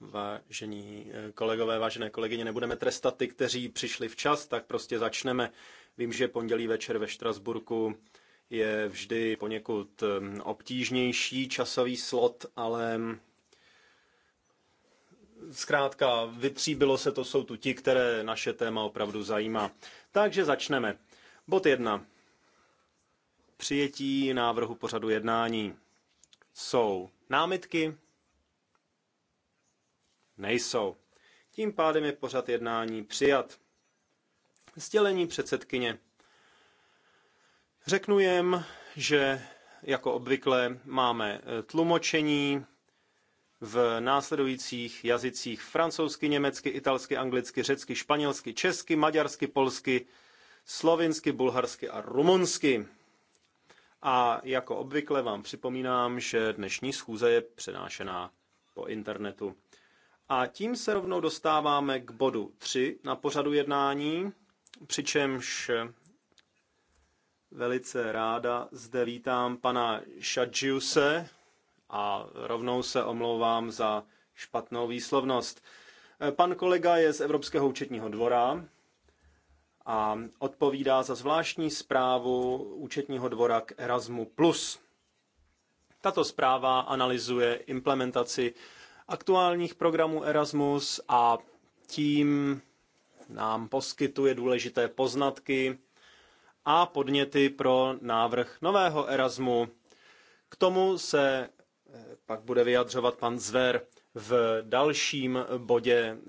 Vážení eh, kolegové, vážené kolegyně, nebudeme trestat ty, kteří přišli včas, tak prostě začneme. Vím, že pondělí večer ve Štrasburku je vždy poněkud eh, obtížnější časový slot, ale mm, zkrátka vytříbilo se, to jsou tu ti, které naše téma opravdu zajímá. Takže začneme. Bod jedna. Přijetí návrhu pořadu jednání. Jsou námitky? Nejsou. Tím pádem je pořad jednání přijat. Sdělení předsedkyně. Řeknu jem, že jako obvykle máme eh, tlumočení v následujících jazycích francouzsky, německy, italsky, anglicky, řecky, španělsky, česky, maďarsky, polsky, slovinsky, bulharsky a rumunsky. A jako obvykle vám připomínám, že dnešní schůze je přenášená po internetu. A tím se rovnou dostáváme k bodu 3 na pořadu jednání, přičemž velice ráda zde vítám pana Šadžiuse a rovnou se omlouvám za špatnou výslovnost. Pan kolega je z Evropského účetního dvora, a odpovídá za zvláštní zprávu účetního dvora k Erasmu+. Tato zpráva analyzuje implementaci aktuálních programů Erasmus a tím nám poskytuje důležité poznatky a podněty pro návrh nového Erasmu. K tomu se pak bude vyjadřovat pan Zver v dalším bodě eh,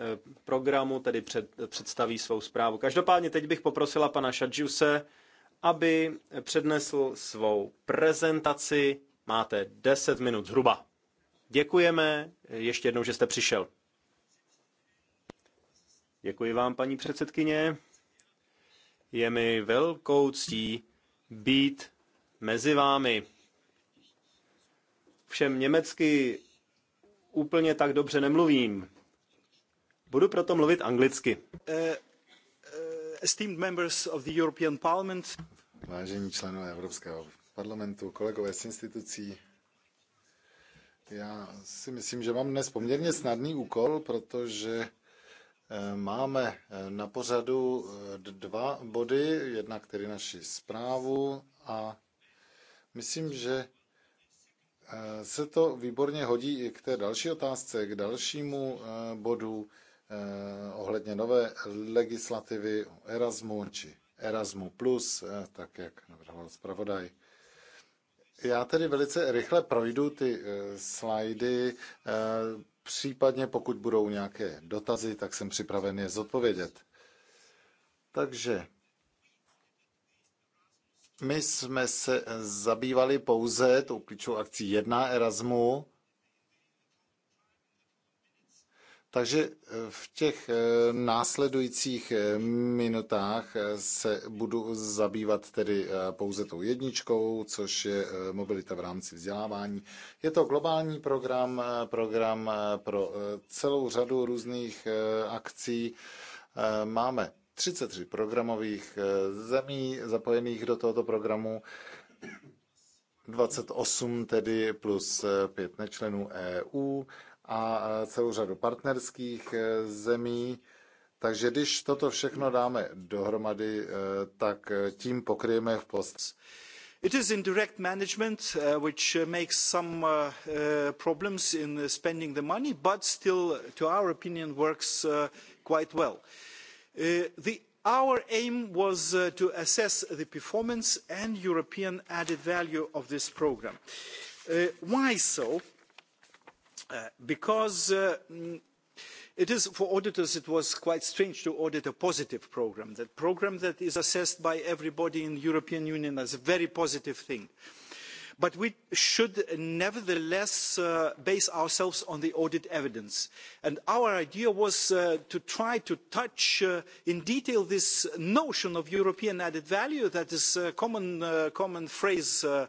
programu, tedy před, představí svou zprávu. Každopádně teď bych poprosila pana Šadžuse, aby přednesl svou prezentaci. Máte 10 minut zhruba. Děkujeme ještě jednou, že jste přišel. Děkuji vám, paní předsedkyně. Je mi velkou ctí být mezi vámi. Všem německy úplně tak dobře nemluvím. Budu proto mluvit anglicky. Eh, eh, esteemed members of the European Parliament. Vážení členové Evropského parlamentu, kolegové z institucí, já si myslím, že mám dnes poměrně snadný úkol, protože eh, máme na pořadu dva body, jednak tedy naši zprávu a myslím, že Eh, se to výborně hodí i k té další otázce, k dalšímu eh, bodu eh, ohledně nové legislativy Erasmu či Erasmu+, plus, tak jak navrhoval zpravodaj. Já tedy velice rychle projdu ty slajdy, případně pokud budou nějaké dotazy, tak jsem připraven je zodpovědět. Takže my jsme se zabývali pouze tou klíčovou akcí 1 Erasmu, takže eh, v těch eh, následujících eh, minutách se budu zabývat tedy pouze tou jedničkou, což je mobilita v rámci vzdělávání. Je to globální program, program pro celou řadu různých akcí. Máme 33 programových eh, zemí zapojených do tohoto programu, 28 tedy plus 5 eh, nečlenů EU a eh, celou řadu partnerských zemí. Takže když toto všechno dáme dohromady, tak tím pokryjeme v post. It is indirect management, uh, which makes some uh, uh, problems in spending the money, but still, to our opinion, works quite well. Uh, Uh, our aim was uh, to assess the performance and European added value of this programme. Uh, why so? because mm, it is for auditors it was quite strange to audit a positive programme, that programme that is assessed by everybody in the European Union as a very positive thing but we should nevertheless uh, base ourselves on the audit evidence. And our idea was uh, to try to touch uh, in detail this notion of European added value that is a uh, common, uh, common phrase, uh,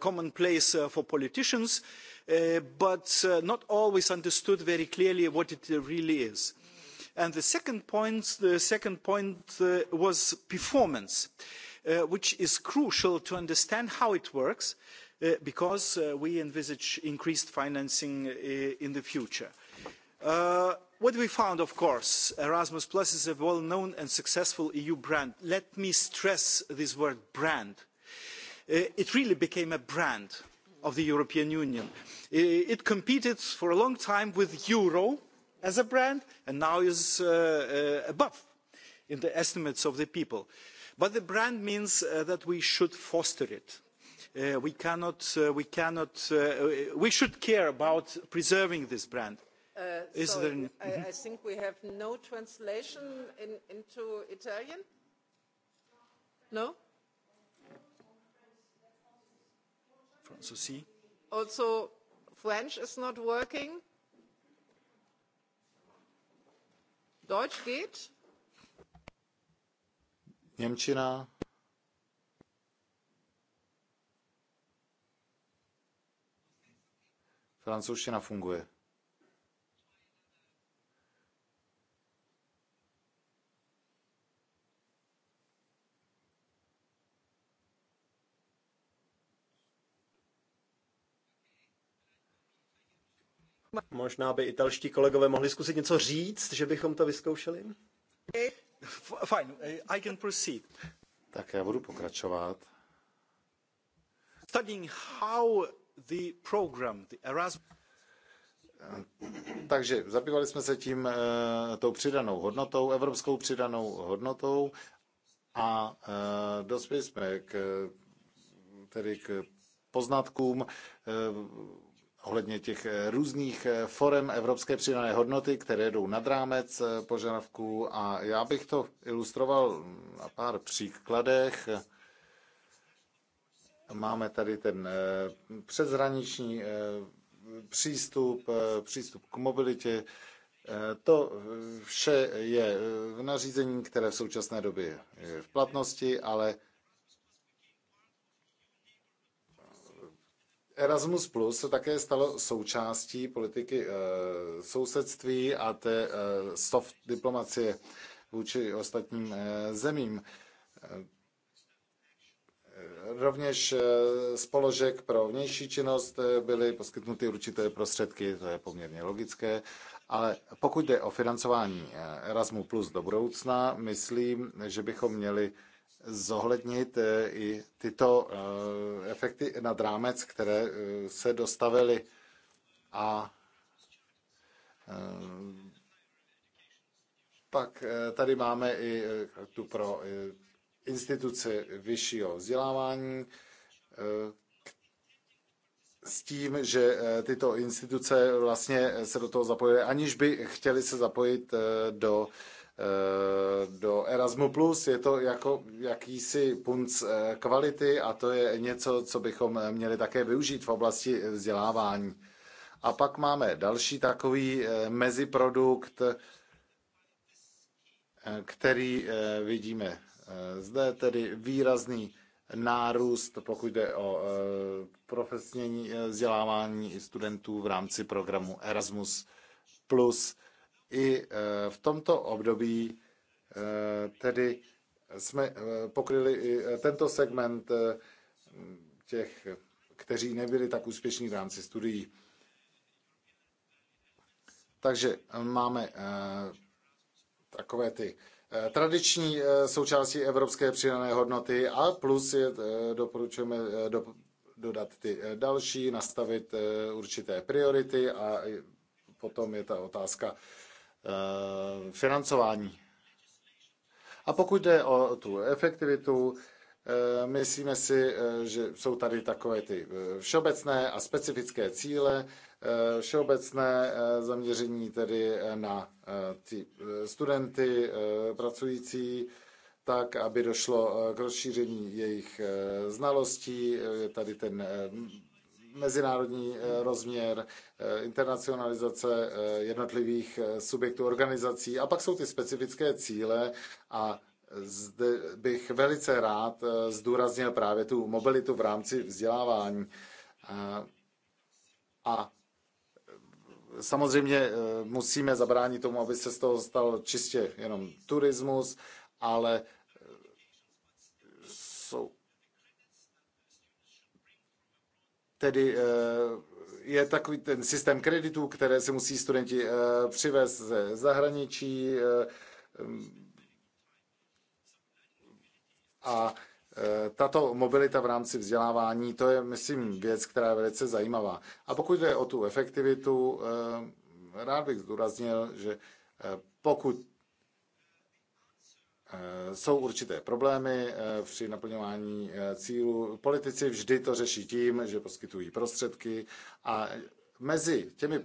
commonplace for politicians, but not always understood very clearly what it really is. And the second point, the second point was performance. Uh, Uh, which is crucial to understand how it works uh, because uh, we envisage increased financing in the future. What we found, of course, Erasmus is a well-known and successful EU brand. Let me stress this word brand. It really became a brand of the European Union. It competed for a long time with Euro as a brand and now is above in the estimates of the people but the brand means uh, that we should foster it. Uh, we cannot, uh, we cannot, uh, uh, we should care about preserving this brand. Uh, is sorry, there... Mm -hmm. I, I mm-hmm. think we have no translation in, into Italian. No. Francosi. Also, French is not working. Deutsch geht. Němčina Francouzština funguje. Možná by italští kolegové mohli zkusit něco říct, že bychom to vyzkoušeli? Fine, eh, I can proceed. Tak já budu pokračovat. Studying how the program, the Erasmus... Eh, takže zabývali jsme se tím e, tou přidanou hodnotou, evropskou přidanou hodnotou a e, dospěli jsme k, tedy k poznatkům, e, ohledně těch eh, různých eh, forem evropské přidané hodnoty, které jdou nad rámec eh, požadavků. A já bych to ilustroval na pár příkladech. Máme tady ten přeshraniční přístup, přístup k mobilitě. To vše je v nařízení, které v současné době je v platnosti, ale Erasmus Plus se také stalo součástí politiky e, sousedství a té e, soft diplomacie vůči ostatním e, zemím. E, Rovněž z položek pro vnější činnost byly poskytnuty určité prostředky, to je poměrně logické, ale pokud jde o financování Erasmus Plus do budoucna, myslím, že bychom měli e, zohlednit eh, i tyto eh, efekty nad rámec, které eh, se dostavily a pak tady máme i tu pro instituce vyššího vzdělávání s tím, že tyto instituce vlastně se do toho zapojily, aniž by chtěli se zapojit do Eh, do Erasmu+, Plus. je to jako jakýsi punc eh, kvality a to je něco, co bychom eh, měli také využít v oblasti vzdělávání. A pak máme další takový meziprodukt, který vidíme zde, tedy výrazný nárůst, pokud jde o profesní vzdělávání studentů v rámci programu Erasmus+. Plus i eh, v tomto období eh, tedy jsme eh, pokryli i tento segment těch, kteří nebyli tak úspěšní v rámci studií. Takže máme takové ty tradiční součástí evropské přidané hodnoty a plus je, doporučujeme do, dodat ty další, nastavit určité priority a potom je ta otázka Eh, financování. A pokud jde o tu efektivitu, eh, myslíme si, eh, že jsou tady takové ty všeobecné a specifické cíle, všeobecné zaměření tedy na ty studenty pracující, tak, aby došlo k rozšíření jejich znalostí. Je tady ten mezinárodní eh, rozměr, eh, internacionalizace eh, jednotlivých subjektů organizací a pak jsou ty specifické cíle a zde bych velice rád zdůraznil právě tu mobilitu v rámci vzdělávání. A samozřejmě musíme zabránit tomu, aby se z toho stal čistě jenom turismus, ale jsou tedy eh, je takový ten systém kreditů, které si musí studenti eh, přivést ze zahraničí eh, a tato mobilita v rámci vzdělávání, to je, myslím, věc, která je velice zajímavá. A pokud jde o tu efektivitu, rád bych zdůraznil, že pokud Eh, jsou určité problémy eh, při naplňování eh, cílů. Politici vždy to řeší tím, že poskytují prostředky a mezi těmi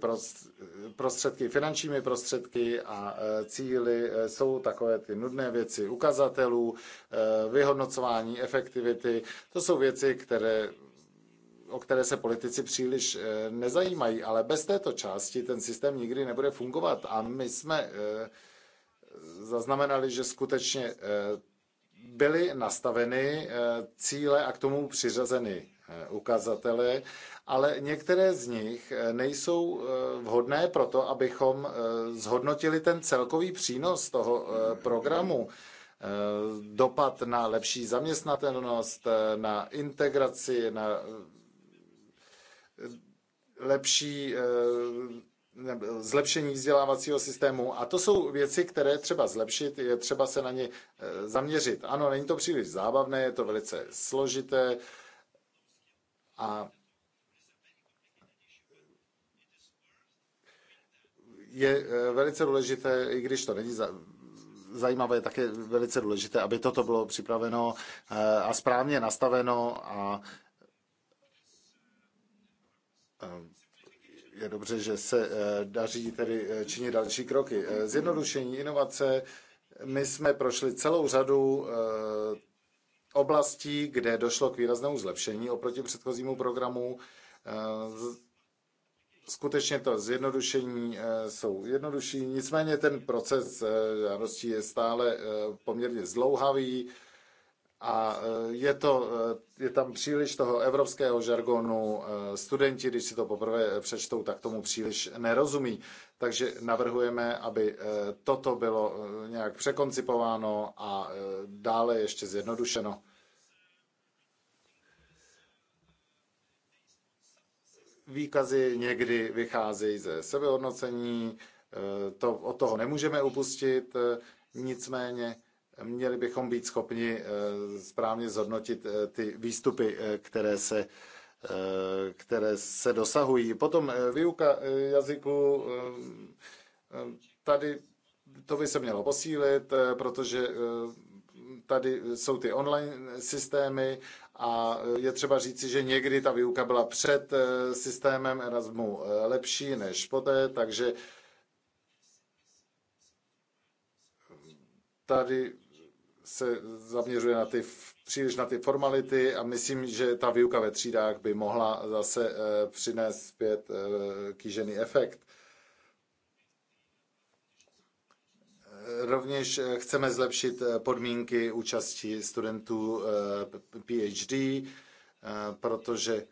prostředky, finančními prostředky a cíly jsou takové ty nudné věci ukazatelů, vyhodnocování efektivity. To jsou věci, které o které se politici příliš nezajímají, ale bez této části ten systém nikdy nebude fungovat. A my jsme zaznamenali, že skutečně eh, byly nastaveny eh, cíle a k tomu přiřazeny eh, ukazatele, ale některé z nich nejsou vhodné pro to, abychom zhodnotili ten celkový přínos toho programu. Dopad na lepší zaměstnatelnost, na integraci, na lepší zlepšení vzdělávacího systému. A to jsou věci, které třeba zlepšit, je třeba se na ně eh, zaměřit. Ano, není to příliš zábavné, je to velice složité a je eh, velice důležité, i když to není zajímavé, tak je velice důležité, aby toto bylo připraveno eh, a správně nastaveno a je dobře, že se eh, daří tedy eh, činit další kroky. Eh, zjednodušení inovace, my jsme prošli celou řadu oblastí, kde došlo k výraznému zlepšení oproti předchozímu programu. Skutečně to zjednodušení jsou jednodušší, nicméně ten proces žádostí je stále poměrně zdlouhavý a e, je, to, e, je tam příliš toho evropského žargonu. E, studenti, když si to poprvé přečtou, tak tomu příliš nerozumí. Takže navrhujeme, aby toto bylo nějak překoncipováno a dále ještě zjednodušeno. Výkazy někdy vycházejí ze sebehodnocení, to, od toho nemůžeme upustit, nicméně Měli bychom být schopni eh, správně zhodnotit eh, ty výstupy, eh, které se, které se dosahují. Potom výuka jazyku, tady to by se mělo posílit, protože tady jsou ty online systémy a je třeba říci, že někdy ta výuka byla před systémem Erasmu lepší než poté, takže tady se zaměřuje na ty, příliš na ty formality a myslím, že ta výuka ve třídách by mohla zase eh, přinést zpět eh, kýžený efekt. Eh, rovněž chceme zlepšit podmínky účasti studentů PhD, protože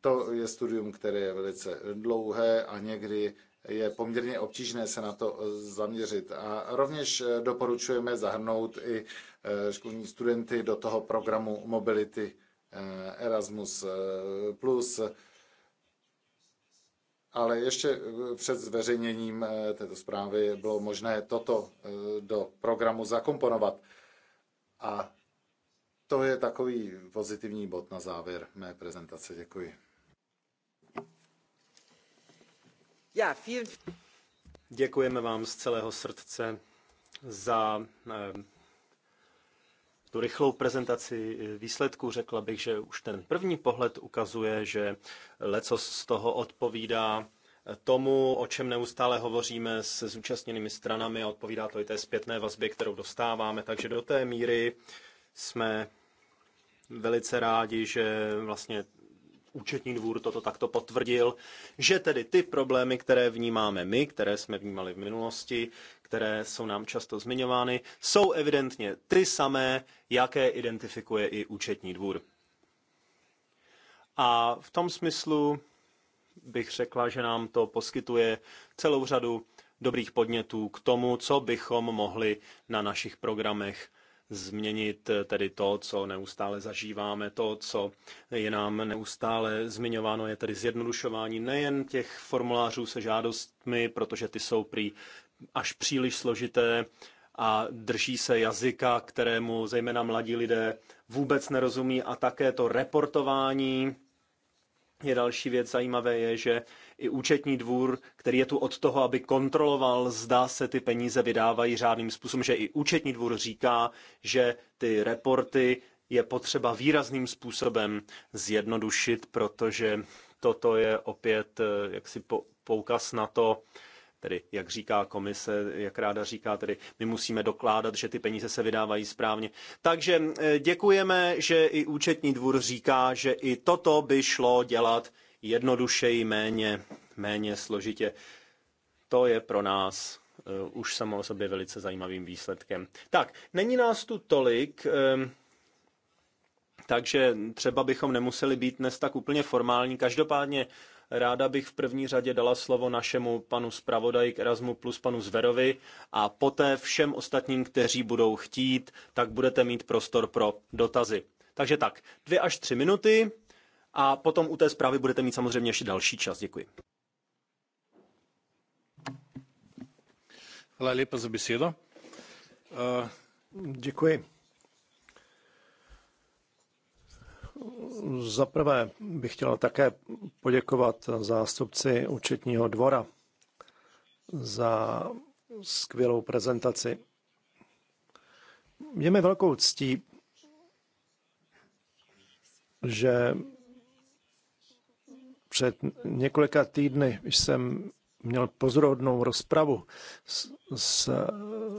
to je studium, které je velice dlouhé a někdy je poměrně obtížné se na to eh, zaměřit. A rovněž eh, doporučujeme zahrnout i eh, školní studenty do toho programu Mobility Erasmus+. Ale ještě před zveřejněním této zprávy bylo možné toto do programu zakomponovat. A to je takový pozitivní bod na závěr mé prezentace. Děkuji. Děkujeme vám z celého srdce za eh, tu rychlou prezentaci výsledků. Řekla bych, že už ten první pohled ukazuje, že leco z toho odpovídá tomu, o čem neustále hovoříme se zúčastněnými stranami a odpovídá to i té zpětné vazbě, kterou dostáváme. Takže do té míry jsme velice rádi, že vlastně účetní dvůr toto takto potvrdil, že tedy ty problémy, které vnímáme my, které jsme vnímali v minulosti, které jsou nám často zmiňovány, jsou evidentně ty samé, jaké identifikuje i účetní dvůr. A v tom smyslu bych řekla, že nám to poskytuje celou řadu dobrých podnětů k tomu, co bychom mohli na našich programech změnit eh, tedy to, co neustále zažíváme, to, co je nám neustále zmiňováno, je tedy zjednodušování nejen těch formulářů se žádostmi, protože ty jsou prý až příliš složité a drží se jazyka, kterému zejména mladí lidé vůbec nerozumí a také to reportování je další věc. Zajímavé je, že i účetní dvůr, který je tu od toho, aby kontroloval, zda se ty peníze vydávají řádným způsobem, že i účetní dvůr říká, že ty reporty je potřeba výrazným způsobem zjednodušit, protože toto je opět eh, jaksi poukaz na to, tedy jak říká komise, jak ráda říká, tedy my musíme dokládat, že ty peníze se vydávají správně. Takže eh, děkujeme, že i účetní dvůr říká, že i toto by šlo dělat jednodušeji, méně, méně složitě. To je pro nás eh, už samo o sobě velice zajímavým výsledkem. Tak, není nás tu tolik, ehm, takže třeba bychom nemuseli být dnes tak úplně formální. Každopádně ráda bych v první řadě dala slovo našemu panu zpravodaji k Erasmu plus panu Zverovi a poté všem ostatním, kteří budou chtít, tak budete mít prostor pro dotazy. Takže tak, dvě až tři minuty a potom u té zprávy budete mít samozřejmě ještě další čas. Děkuji. Hvala lepa za besedo. Eh, Děkuji. Za prvé bych chtěl také poděkovat zástupci účetního dvora za skvělou prezentaci. Měme mi velkou ctí, že před několika týdny jsem měl pozorodnou rozpravu s, s,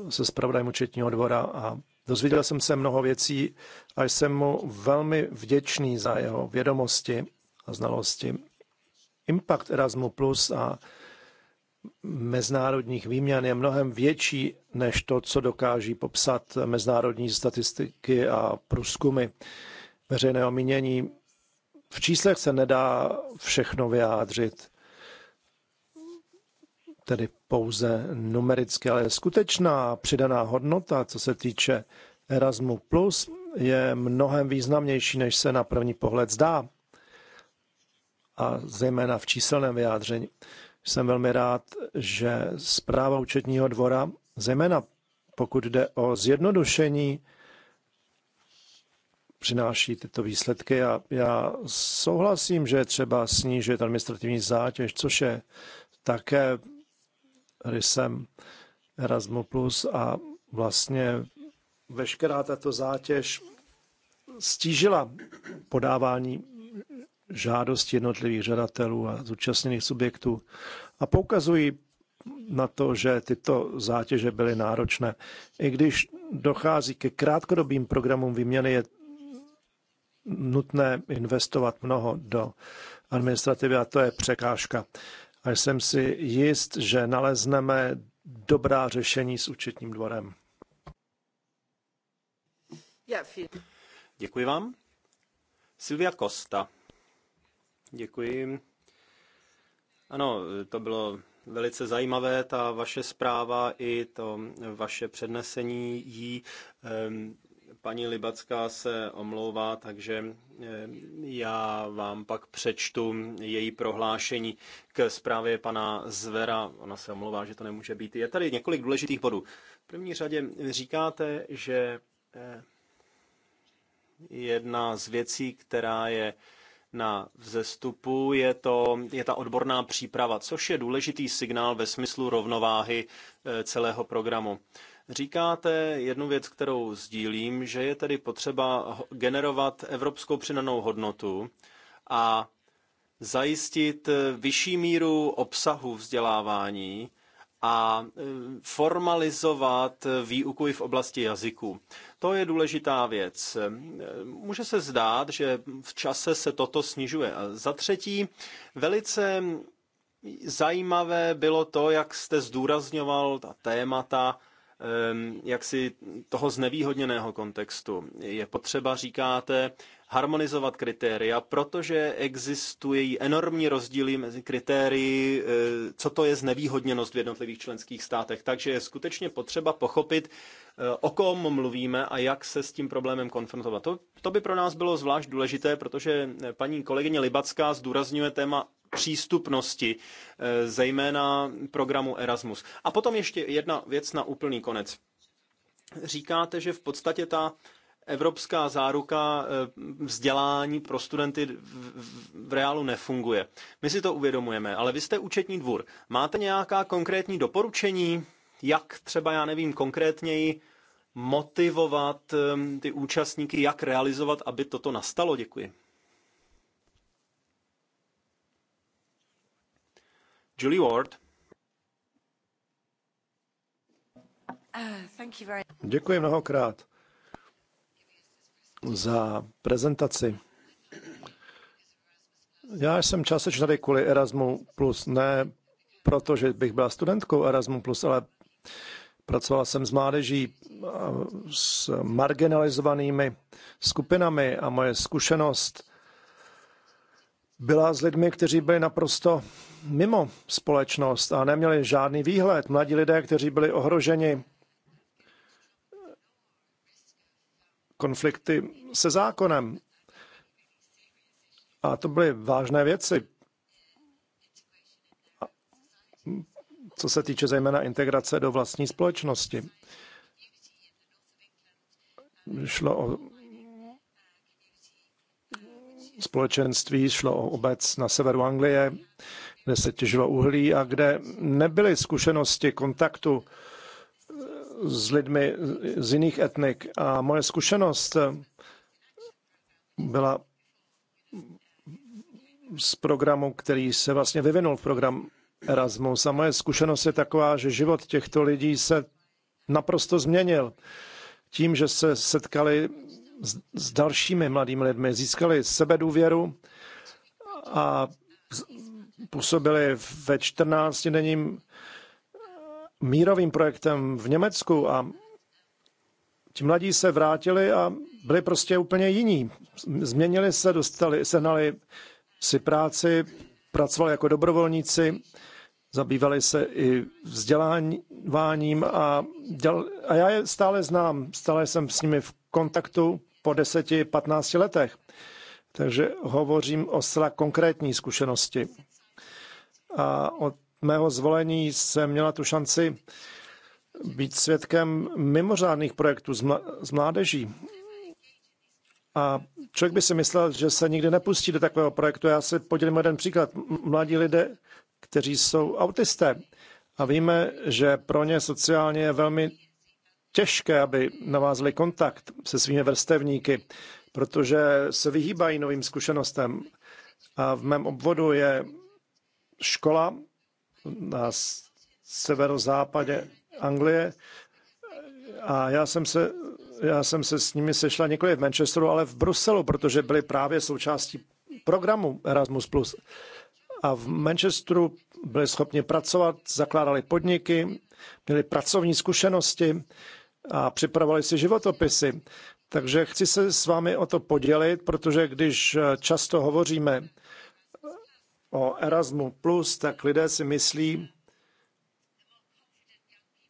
se spravodajem Učetního dvora a dozvěděl jsem se mnoho věcí a jsem mu velmi vděčný za jeho vědomosti a znalosti. Impact Erasmu Plus a mezinárodních výměn je mnohem větší než to, co dokáží popsat mezinárodní statistiky a průzkumy veřejného mínění. V číslech se nedá všechno vyjádřit, tedy pouze numericky, ale skutečná přidaná hodnota, co se týče Erasmu+, Plus, je mnohem významnější, než se na první pohled zdá. A zejména v číselném vyjádření. Jsem velmi rád, že zpráva účetního dvora, zejména pokud jde o zjednodušení přináší tyto výsledky a já souhlasím, že je třeba snížit administrativní zátěž, což je také rysem Erasmus Plus a vlastně veškerá tato zátěž stížila podávání žádosti jednotlivých žadatelů a zúčastněných subjektů a poukazují na to, že tyto zátěže byly náročné. I když dochází ke krátkodobým programům výměny, je nutné investovat mnoho do administrativy a to je překážka. A jsem si jist, že nalezneme dobrá řešení s účetním dvorem. Děkuji vám. Silvia Costa. Děkuji. Ano, to bylo velice zajímavé, ta vaše zpráva i to vaše přednesení jí. Ehm, Paní Libacká se omlouvá, takže eh, já vám pak přečtu její prohlášení k zprávě pana Zvera. Ona se omlouvá, že to nemůže být. Je tady několik důležitých bodů. V první řadě říkáte, že eh, jedna z věcí, která je na vzestupu je, to, je ta odborná příprava, což je důležitý signál ve smyslu rovnováhy eh, celého programu. Říkáte jednu věc, kterou sdílím, že je tedy potřeba generovat evropskou přidanou hodnotu a zajistit eh, vyšší míru obsahu vzdělávání a eh, formalizovat eh, výuku i v oblasti jazyku. To je důležitá věc. Může se zdát, že v čase se toto snižuje. A za třetí, velice zajímavé bylo to, jak jste zdůrazňoval ta témata, Ehm, jaksi toho znevýhodněného kontextu. Je potřeba, říkáte, harmonizovat kritéria, protože existují enormní rozdíly mezi kritérii, eh, co to je znevýhodněnost v jednotlivých členských státech. Takže je skutečně potřeba pochopit, eh, o kom mluvíme a jak se s tím problémem konfrontovat. To, to by pro nás bylo zvlášť důležité, protože eh, paní kolegyně Libacká zdůrazňuje téma přístupnosti, zejména programu Erasmus. A potom ještě jedna věc na úplný konec. Říkáte, že v podstatě ta evropská záruka eh, vzdělání pro studenty v reálu nefunguje. My si to uvědomujeme, ale vy jste účetní dvůr. Máte nějaká konkrétní doporučení, jak třeba, já nevím, konkrétněji motivovat eh, ty účastníky, jak realizovat, aby toto nastalo? Děkuji. Julie Ward. Uh, Děkuji mnohokrát za prezentaci. Já jsem částečně tady kvůli Erasmu+, plus, ne proto, že bych byla studentkou Erasmu+, plus, ale pracovala jsem s mládeží, s marginalizovanými skupinami a moje zkušenost byla s lidmi, kteří byli naprosto mimo společnost a neměli žádný výhled. Mladí lidé, kteří byli ohroženi konflikty se zákonem. A to byly vážné věci, co se týče zejména integrace do vlastní společnosti. Šlo o společenství, šlo o obec na severu Anglie, kde se těžilo uhlí a kde nebyly zkušenosti kontaktu s lidmi z jiných etnik a moje zkušenost eh, byla z programu, který se vlastně vyvinul v program Erasmus. A moje zkušenost je taková, že život těchto lidí se naprosto změnil. Tím, že se setkali s, s dalšími mladými lidmi, získali sebedůvěru a působili ve 14-denním mírovým projektem v Německu a ti mladí se vrátili a byli prostě úplně jiní. Změnili se, dostali, sehnali si práci, pracovali jako dobrovolníci, zabývali se i vzděláváním a, děl, a já je stále znám, stále jsem s nimi v kontaktu po 10-15 letech. Takže hovořím o zcela konkrétní zkušenosti. A o mého zvolení jsem měla tu šanci být svědkem mimořádných projektů z mládeží. A člověk by si myslel, že se nikdy nepustí do takového projektu. Já si podělím jeden příklad. Mladí lidé, kteří jsou autisté, a víme, že pro ně sociálně je velmi těžké, aby navázali kontakt se svými vrstevníky, protože se vyhýbají novým zkušenostem. A v mém obvodu je škola, na severozápadě Anglie a já jsem se, já jsem se s nimi sešla několik v Manchesteru, ale v Bruselu, protože byli právě součástí programu Erasmus+. A v Manchesteru byli schopni pracovat, zakládali podniky, měli pracovní zkušenosti a připravovali si životopisy. Takže chci se s vámi o to podělit, protože když často hovoříme o Erasmu+, tak lidé si myslí,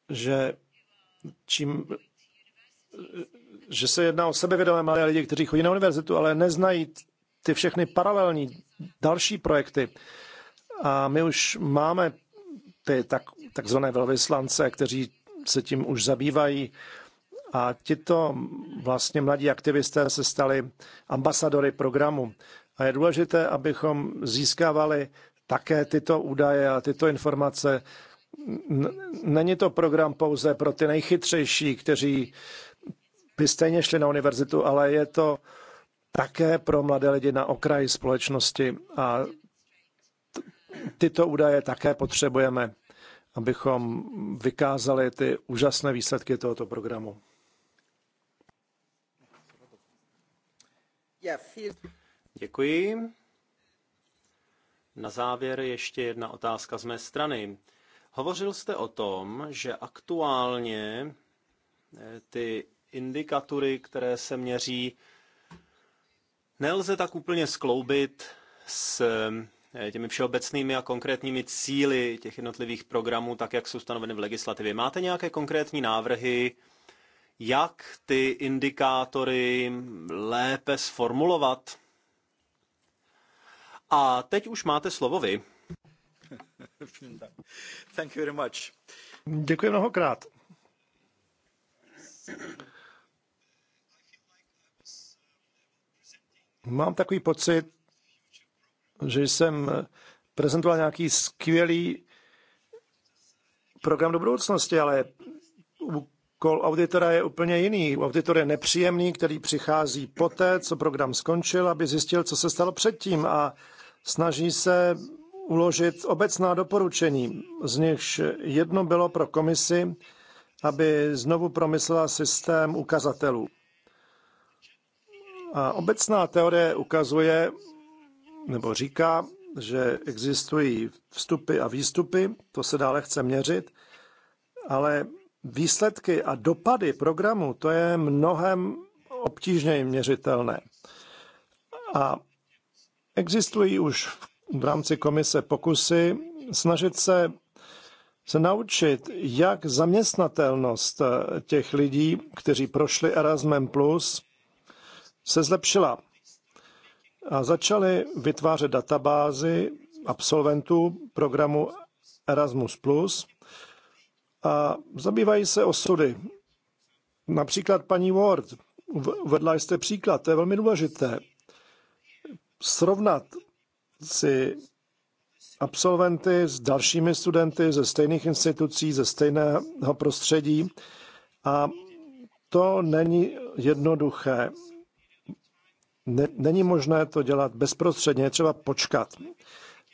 že čím že se jedná o sebevědomé malé lidi, kteří chodí na univerzitu, ale neznají ty všechny paralelní další projekty. A my už máme ty tak, takzvané velvyslance, kteří se tím už zabývají. A tito vlastně mladí aktivisté se stali ambasadory programu. A je důležité, abychom získávali také tyto údaje a tyto informace. Není to program pouze pro ty nejchytřejší, kteří by stejně šli na univerzitu, ale je to také pro mladé lidi na okraji společnosti a tyto údaje také potřebujeme, abychom vykázali ty úžasné výsledky tohoto programu. Děkuji. Na závěr ještě jedna otázka z mé strany. Hovořil jste o tom, že aktuálně eh, ty indikatory, které se měří, nelze tak úplně skloubit s eh, těmi všeobecnými a konkrétními cíly těch jednotlivých programů, tak jak jsou stanoveny v legislativě. Máte nějaké konkrétní návrhy, jak ty indikátory lépe sformulovat? A teď už máte slovo vy. Thank you very much. Děkuji mnohokrát. Mám takový pocit, že jsem prezentoval nějaký skvělý program do budoucnosti, ale úkol auditora je úplně jiný. Auditor je nepříjemný, který přichází poté, co program skončil, aby zjistil, co se stalo předtím. A snaží se uložit obecná doporučení, z nichž jedno bylo pro komisi, aby znovu promyslela systém ukazatelů. A obecná teorie ukazuje, nebo říká, že existují vstupy a výstupy, to se dále chce měřit, ale výsledky a dopady programu, to je mnohem obtížněji měřitelné. A Existují už v rámci komise pokusy snažit se se naučit, jak zaměstnatelnost eh, těch lidí, kteří prošli Erasmem+, Plus, se zlepšila. A začali vytvářet databázy absolventů programu Erasmus+, Plus a zabývají se osudy. Například paní Ward, uvedla jste příklad, to je velmi důležité srovnat si absolventy s dalšími studenty ze stejných institucí, ze stejného prostředí a to není jednoduché. Není možné to dělat bezprostředně, třeba počkat.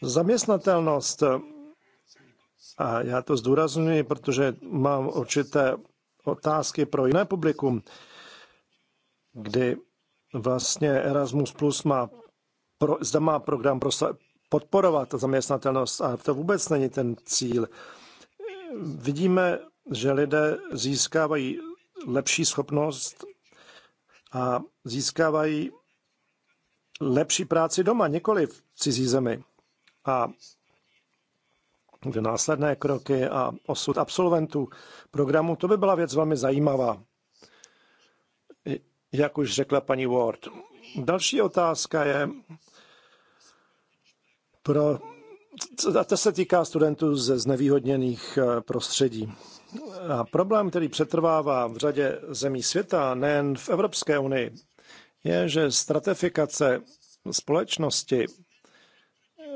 Zaměstnatelnost, a já to zdůraznuju, protože mám určité otázky pro jiné publikum, kdy vlastně Erasmus Plus má pro, zda má program prosa, podporovat zaměstnatelnost a to vůbec není ten cíl. Vidíme, že lidé získávají lepší schopnost a získávají lepší práci doma, nikoli v cizí zemi. A v následné kroky a osud absolventů programu, to by byla věc velmi zajímavá. Jak už řekla paní Ward. Další otázka je pro a to se týká studentů ze znevýhodněných eh, prostředí. A problém, který přetrvává v řadě zemí světa, nejen v Evropské unii, je, že stratifikace společnosti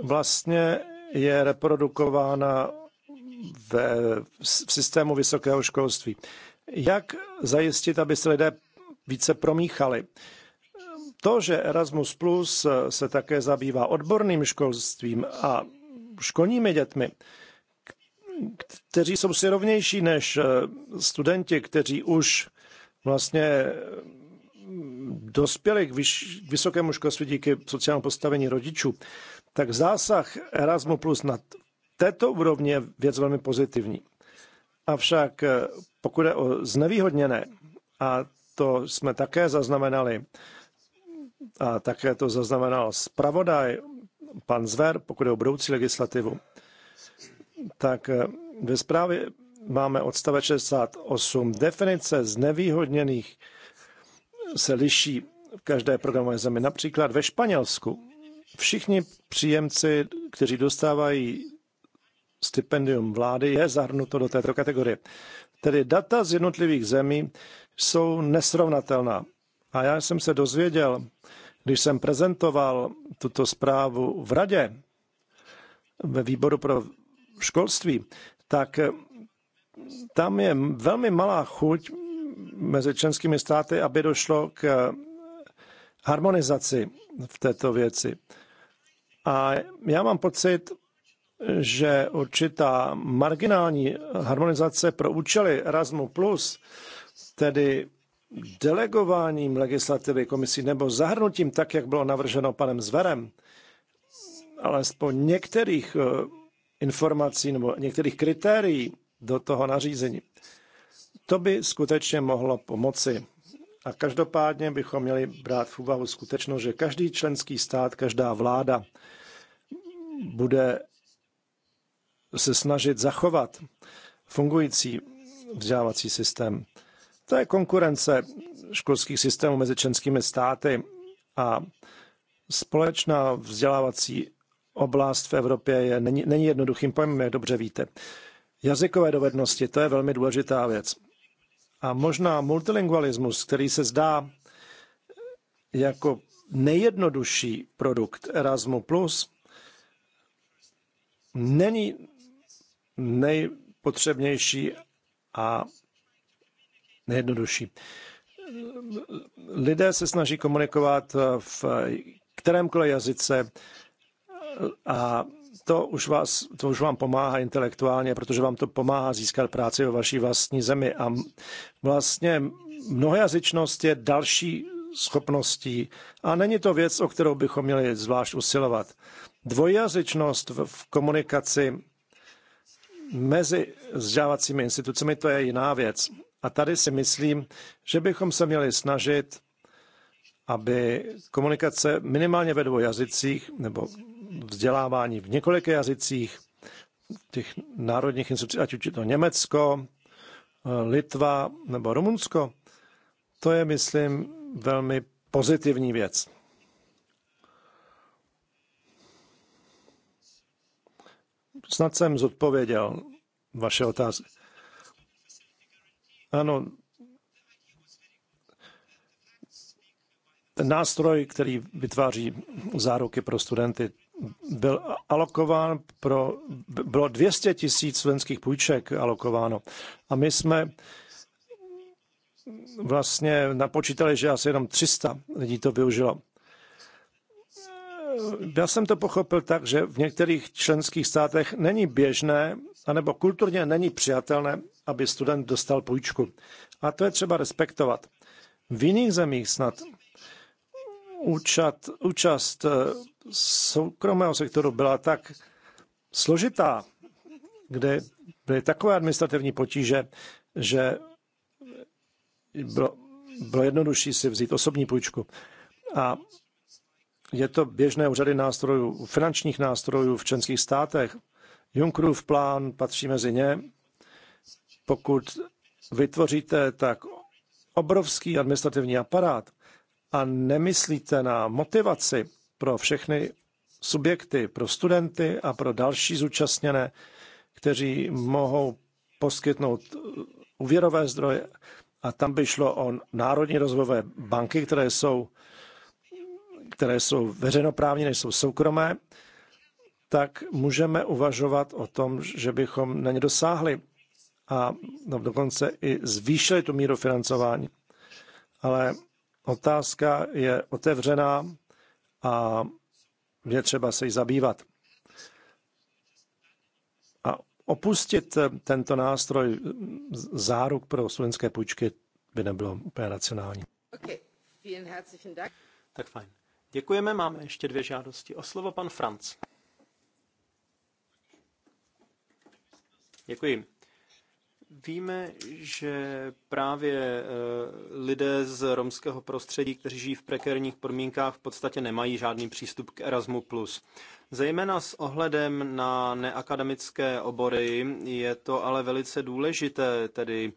vlastně je reprodukována ve, v systému vysokého školství. Jak zajistit, aby se lidé více promíchali? To, že Erasmus Plus se také zabývá odborným školstvím a školními dětmi, kteří jsou si rovnější než eh, studenti, kteří už vlastně mm, dospěli k, vyš, k vysokému školství díky sociálnímu postavení rodičů, tak zásah Erasmus Plus na této úrovni je věc velmi pozitivní. Avšak eh, pokud je o znevýhodněné, a to jsme také zaznamenali, a také to zaznamenal zpravodaj, pan Zver, pokud je o budoucí legislativu, tak eh, ve zprávě máme odstavec 68. Definice znevýhodněných se liší v každé programové zemi. Například ve Španělsku všichni příjemci, kteří dostávají stipendium vlády, je zahrnuto do této kategorie. Tedy data z jednotlivých zemí jsou nesrovnatelná. A já jsem se dozvěděl, když jsem prezentoval tuto zprávu v radě, ve výboru pro školství, tak tam je velmi malá chuť mezi členskými státy, aby došlo k harmonizaci v této věci. A já mám pocit, že určitá marginální harmonizace pro účely Erasmu+, tedy delegováním legislativy komisí nebo zahrnutím, tak jak bylo navrženo panem Zverem, alespoň některých eh, informací nebo některých kritérií do toho nařízení, to by skutečně mohlo pomoci. A každopádně bychom měli brát v úvahu skutečnost, že každý členský stát, každá vláda bude se snažit zachovat fungující vzdělávací systém. To je konkurence školských systémů mezi členskými státy a společná vzdělávací oblast v Evropě je, není, není jednoduchým pojmem, jak dobře víte. Jazykové dovednosti, to je velmi důležitá věc. A možná multilingualismus, který se zdá jako nejjednodušší produkt Erasmu+, není nejpotřebnější a nejjednodušší. Lidé se snaží komunikovat v kterémkoliv jazyce a to už, vás, to už vám pomáhá intelektuálně, protože vám to pomáhá získat práci ve vaší vlastní zemi. A vlastně mnohojazyčnost je další schopností a není to věc, o kterou bychom měli zvlášť usilovat. Dvojjazyčnost v komunikaci mezi vzdělávacími institucemi, to je jiná věc. A tady si myslím, že bychom se měli snažit, aby komunikace minimálně ve dvou jazycích nebo vzdělávání v několika jazycích těch národních institucí, ať už je to Německo, Litva nebo Rumunsko, to je, myslím, velmi pozitivní věc. Snad jsem zodpověděl vaše otázky. Ano, ten nástroj, který vytváří záruky pro studenty, byl alokován pro, bylo 200 tisíc slovenských půjček alokováno. A my jsme vlastně napočítali, že asi jenom 300 lidí to využilo já jsem to pochopil tak, že v některých členských státech není běžné, anebo kulturně není přijatelné, aby student dostal půjčku. A to je třeba respektovat. V jiných zemích snad účast, účast eh, soukromého sektoru byla tak složitá, kde byly takové administrativní potíže, že bylo, bylo jednodušší si vzít osobní půjčku. A je to běžné u řady nástrojů, finančních nástrojů v členských státech. Junckerův plán patří mezi ně. Pokud vytvoříte tak obrovský administrativní aparát a nemyslíte na motivaci pro všechny subjekty, pro studenty a pro další zúčastněné, kteří mohou poskytnout úvěrové zdroje. A tam by šlo o národní rozvojové banky, které jsou které jsou veřejnoprávní, nejsou soukromé, tak můžeme uvažovat o tom, že bychom na ně dosáhli a no, dokonce i zvýšili tu míru financování. Ale otázka je otevřená a je třeba se jí zabývat. A opustit tento nástroj záruk pro studentské půjčky by nebylo úplně racionální. Okay. Tak fajn. Děkujeme, máme ještě dvě žádosti. O slovo pan Franc. Děkuji. Víme, že právě e, lidé z romského prostředí, kteří žijí v prekérních podmínkách, v podstatě nemají žádný přístup k Erasmu+. Zejména s ohledem na neakademické obory je to ale velice důležité, tedy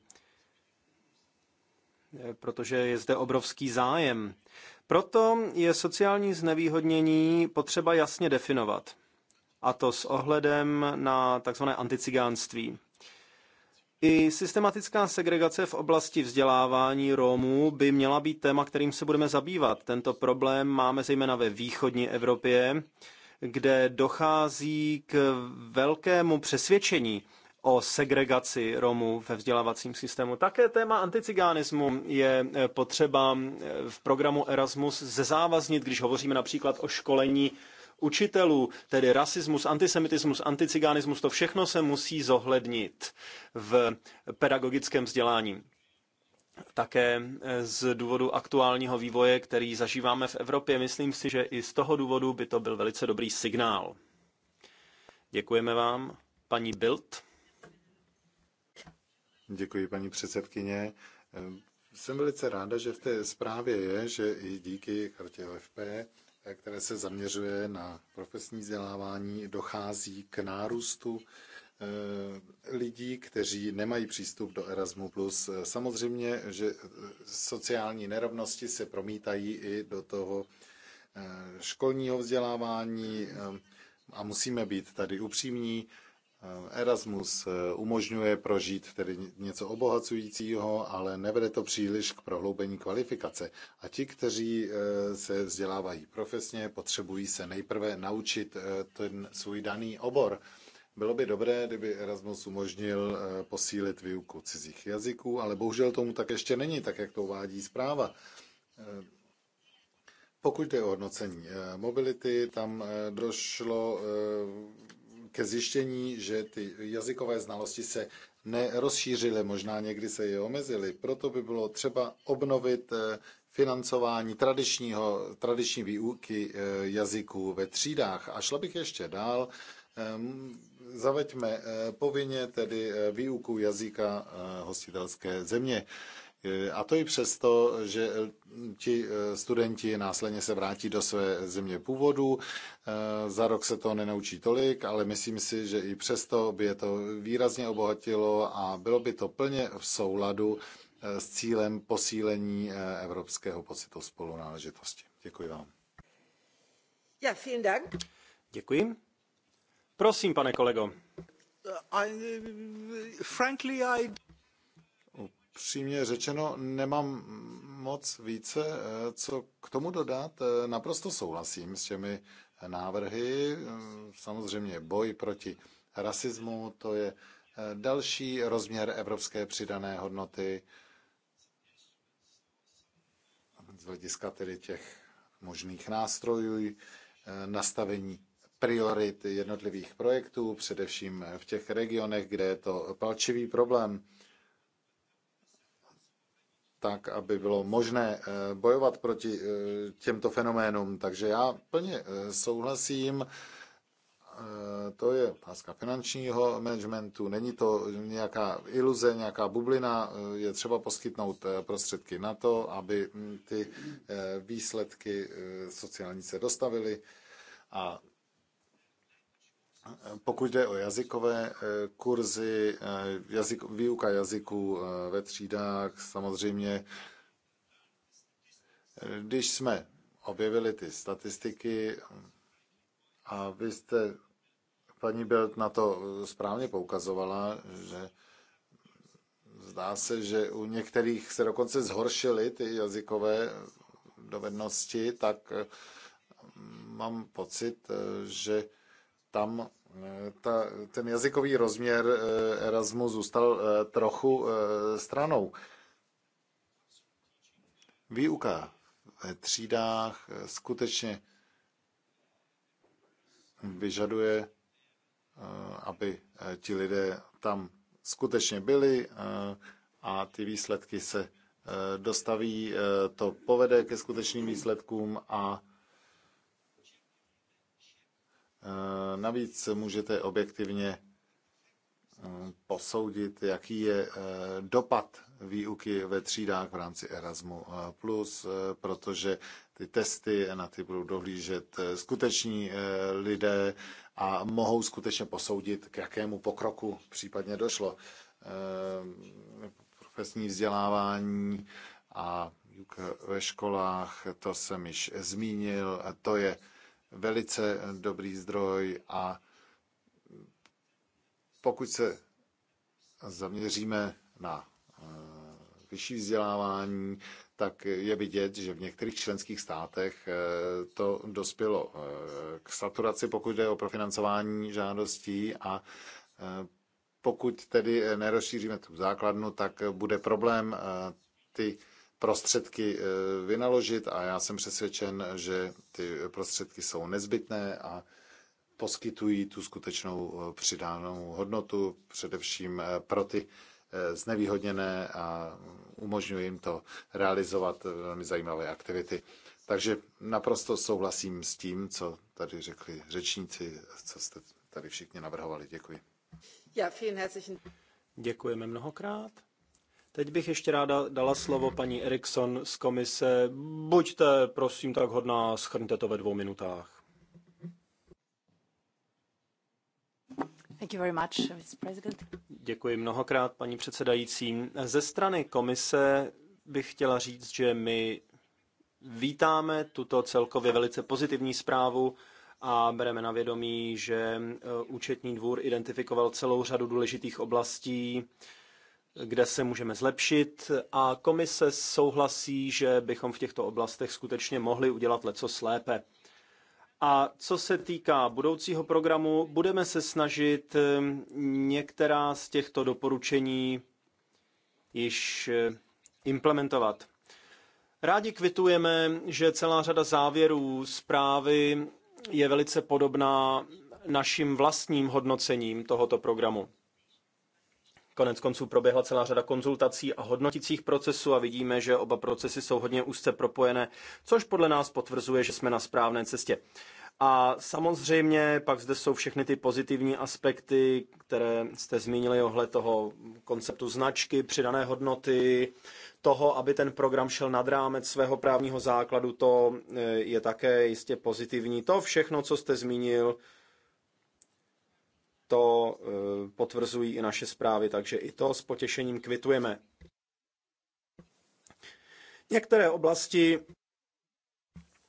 e, protože je zde obrovský zájem. Proto je sociální znevýhodnění potřeba jasně definovat, a to s ohledem na tzv. anticigánství. I systematická segregace v oblasti vzdělávání Rómů by měla být téma, kterým se budeme zabývat. Tento problém máme zejména ve východní Evropě, kde dochází k velkému přesvědčení o segregaci Romů ve vzdělávacím systému. Také téma anticigánismu je eh, potřeba eh, v programu Erasmus zezávaznit, když hovoříme například o školení učitelů, tedy rasismus, antisemitismus, anticigánismus, to všechno se musí zohlednit v pedagogickém vzdělání. Také eh, z důvodu aktuálního vývoje, který zažíváme v Evropě, myslím si, že i z toho důvodu by to byl velice dobrý signál. Děkujeme vám, paní Bild. Děkuji, paní předsedkyně. Ehm, jsem velice ráda, že v té zprávě je, že i díky kartě OFP, eh, které se zaměřuje na profesní vzdělávání, dochází k nárůstu eh, lidí, kteří nemají přístup do Erasmu+. Samozřejmě, že eh, sociální nerovnosti se promítají i do toho školního vzdělávání ehm, a musíme být tady upřímní. Eh, Erasmus eh, umožňuje prožít tedy něco obohacujícího, ale nevede to příliš k prohloubení kvalifikace. A ti, kteří eh, se vzdělávají profesně, potřebují se nejprve naučit ten svůj daný obor. Bylo by dobré, kdyby Erasmus umožnil posílit výuku cizích jazyků, ale bohužel tomu tak ještě není, tak jak to uvádí zpráva. Pokud jde o hodnocení mobility, tam došlo ke zjištění, že ty jazykové znalosti se nerozšířily, možná někdy se je omezily. Proto by bylo třeba obnovit eh, financování tradičního, tradiční výuky eh, jazyků ve třídách. A šla bych ještě dál. Ehm, zaveďme eh, povinně tedy výuku jazyka hostitelské země. A to i přesto, že ti eh, studenti následně se vrátí do své země původu. Eh, za rok se to nenaučí tolik, ale myslím si, že i přesto by je to výrazně obohatilo a bylo by to plně v souladu eh, s cílem posílení evropského pocitu spolunáležitosti. Děkuji vám. Ja, vielen Dank. Děkuji. Prosím, pane kolego. Uh, I, uh, frankly, I upřímně řečeno nemám moc více, eh, co k tomu dodat. Eh, naprosto souhlasím s těmi eh, návrhy. Samozřejmě boj proti rasismu, to je další rozměr evropské přidané hodnoty z hlediska tedy těch možných nástrojů, nastavení priorit jednotlivých projektů, především v těch regionech, kde je to palčivý problém tak, aby bylo možné eh, bojovat proti eh, těmto fenoménům. Takže já plně eh, souhlasím, to je otázka finančního managementu, není to nějaká iluze, nějaká bublina, je třeba poskytnout prostředky na to, aby mm, ty výsledky sociální se dostavily a pokud jde o jazykové eh, kurzy, eh, jazyk, výuka jazyků eh, ve třídách, samozřejmě, když jsme objevili ty statistiky a vy jste, paní Belt, na to správně poukazovala, že zdá se, že u některých se dokonce zhoršily ty jazykové dovednosti, tak mám pocit, že tam eh, ta, ten jazykový rozměr eh, Erasmu zůstal eh, trochu stranou. Výuka ve třídách skutečně vyžaduje, aby ti lidé tam skutečně byli a ty výsledky se dostaví, to povede ke skutečným výsledkům a Eh, navíc můžete objektivně eh, posoudit, jaký je eh, dopad výuky ve třídách v rámci Erasmu+, plus, protože ty testy na ty budou dohlížet skuteční lidé a mohou skutečně posoudit, k jakému pokroku případně došlo. Profesní vzdělávání a ve školách, to jsem již zmínil, to je velice dobrý zdroj a pokud se zaměříme na eh, vyšší vzdělávání, tak je vidět, že v některých členských státech eh, to dospělo eh, k saturaci, pokud jde o profinancování žádostí a pokud tedy nerozšíříme tu základnu, tak bude problém ty prostředky eh, vynaložit a já jsem přesvědčen, že ty prostředky jsou nezbytné a poskytují tu skutečnou eh, přidanou hodnotu, především eh, pro ty znevýhodněné a umožňuje jim to realizovat velmi zajímavé aktivity. Takže naprosto souhlasím s tím, co tady řekli řečníci, co jste tady všichni navrhovali. Děkuji. Ja, vielen herzlichen. Děkujeme mnohokrát. Teď bych ještě ráda dala slovo paní Erikson z komise. Buďte, prosím, tak hodná, schrňte to ve dvou minutách. Děkuji mnohokrát, paní předsedající. Ze strany komise bych chtěla říct, že my vítáme tuto celkově velice pozitivní zprávu a bereme na vědomí, že eh, účetní dvůr identifikoval celou řadu důležitých oblastí, kde se můžeme zlepšit a komise souhlasí, že bychom v těchto oblastech skutečně mohli udělat leco slépe. A co se týká budoucího programu, budeme se snažit eh, některá z těchto doporučení již eh, implementovat. Rádi kvitujeme, že celá řada závěrů zprávy je velice podobná našim vlastním hodnocením tohoto programu. Konec konců proběhla celá řada konzultací a hodnoticích procesů a vidíme, že oba procesy jsou hodně úzce propojené, což podle nás potvrzuje, že jsme na správné cestě. A samozřejmě pak zde jsou všechny ty pozitivní aspekty, které jste zmínili ohled toho konceptu značky, přidané hodnoty, toho, aby ten program šel nad rámec svého právního základu, to eh, je také jistě pozitivní. To všechno, co jste zmínil, to eh, potvrzují i naše zprávy, takže i to s potěšením kvitujeme. Některé oblasti,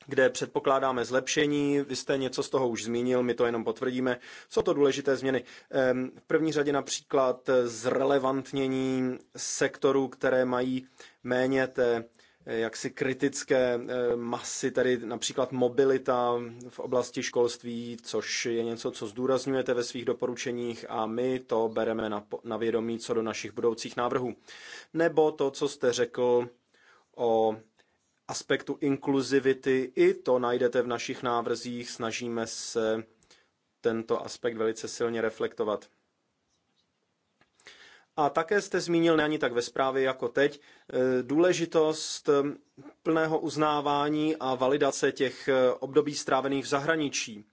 kde předpokládáme zlepšení, vy jste něco z toho už zmínil, my to jenom potvrdíme. Jsou to důležité změny. Ehm, v první řadě například zrelevantnění sektorů, které mají méně té Eh, jaksi kritické eh, masy, tedy například mobilita v oblasti školství, což je něco, co zdůrazňujete ve svých doporučeních a my to bereme na, na vědomí co do našich budoucích návrhů. Nebo to, co jste řekl o aspektu inkluzivity, i to najdete v našich návrzích, snažíme se tento aspekt velice silně reflektovat. A také jste zmínil, není tak ve zprávě jako teď, eh, důležitost eh, plného uznávání a validace těch eh, období strávených v zahraničí.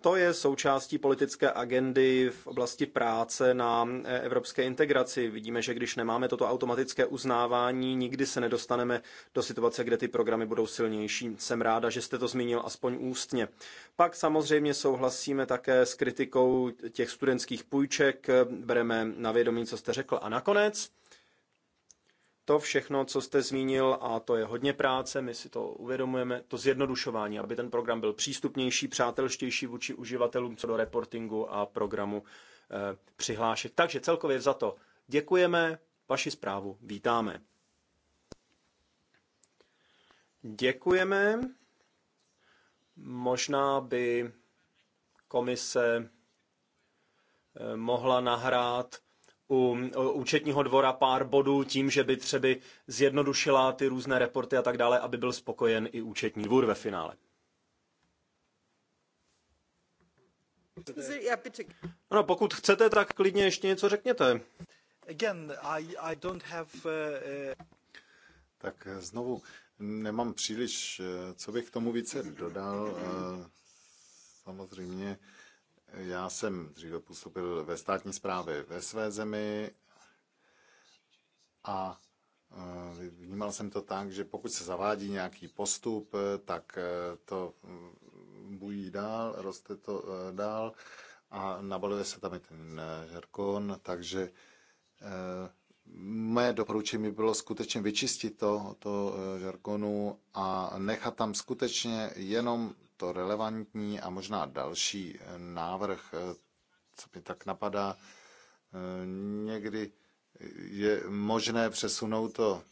To je součástí politické agendy v oblasti práce na eh, evropské integraci. Vidíme, že když nemáme toto automatické uznávání, nikdy se nedostaneme do situace, kde ty programy budou silnější. Jsem ráda, že jste to zmínil aspoň ústně. Pak samozřejmě souhlasíme také s kritikou těch studentských půjček, bereme na vědomí, co jste řekl. A nakonec, to všechno, co jste zmínil, a to je hodně práce, my si to uvědomujeme, to zjednodušování, aby ten program byl přístupnější, přátelštější vůči uživatelům co do reportingu a programu e, přihlášek. Takže celkově za to děkujeme, vaši zprávu vítáme. Děkujeme. Možná by komise eh, mohla nahrát u účetního dvora pár bodů tím, že by třeba zjednodušila ty různé reporty a tak dále, aby byl spokojen i účetní dvůr ve finále. No, pokud chcete, tak klidně ještě něco řekněte. Again, I, I don't have, eh, eh- Tak znovu, nemám příliš, eh, co bych k tomu více dodal. Samozřejmě já jsem dříve působil ve státní správě ve své zemi a e, vnímal jsem to tak, že pokud se zavádí nějaký postup, e, tak e, to mm, bují dál, roste to dál a nabaluje se tam i ten žarkon, takže mé doporučení by bylo skutečně vyčistit to, to žargonu a nechat tam skutečně jenom to relevantní a možná další eh, návrh, eh, co mi tak napadá, eh, někdy je možné přesunout to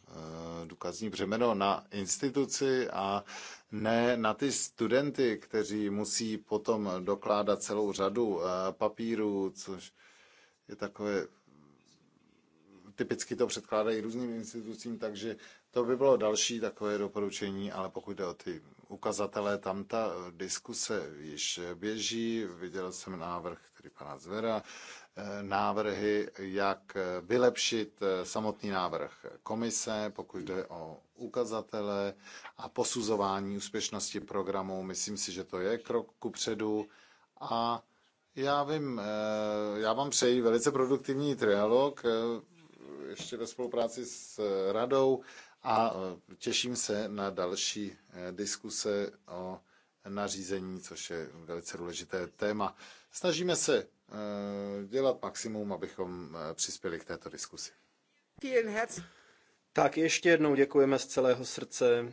důkazní břemeno na instituci a ne na ty studenty, kteří musí potom dokládat celou řadu papírů, což je takové typicky to předkládají různým institucím, takže to by bylo další takové doporučení, ale pokud jde o ty ukazatele, tam ta eh, diskuse již běží. Viděl jsem návrh který pana Zvera, eh, návrhy, jak eh, vylepšit samotný návrh komise, pokud jde o ukazatele a posuzování úspěšnosti programu. Myslím si, že to je krok ku předu a já vím, já vám přeji velice produktivní trialog ještě ve spolupráci s eh, radou a eh, těším se na další eh, diskuse o nařízení, což je velice důležité téma. Snažíme se dělat maximum, abychom přispěli k této diskusi. Tak ještě jednou děkujeme z celého srdce.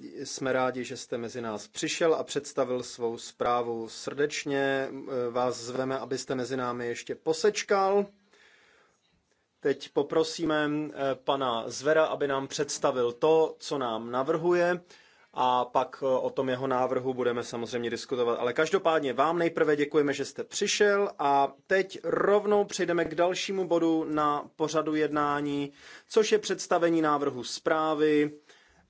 Jsme rádi, že jste mezi nás přišel a představil svou zprávu srdečně. Vás zveme, abyste mezi námi ještě posečkal. Teď poprosíme eh, pana Zvera, aby nám představil to, co nám navrhuje a pak eh, o tom jeho návrhu budeme samozřejmě diskutovat. Ale každopádně vám nejprve děkujeme, že jste přišel a teď rovnou přejdeme k dalšímu bodu na pořadu jednání, což je představení návrhu zprávy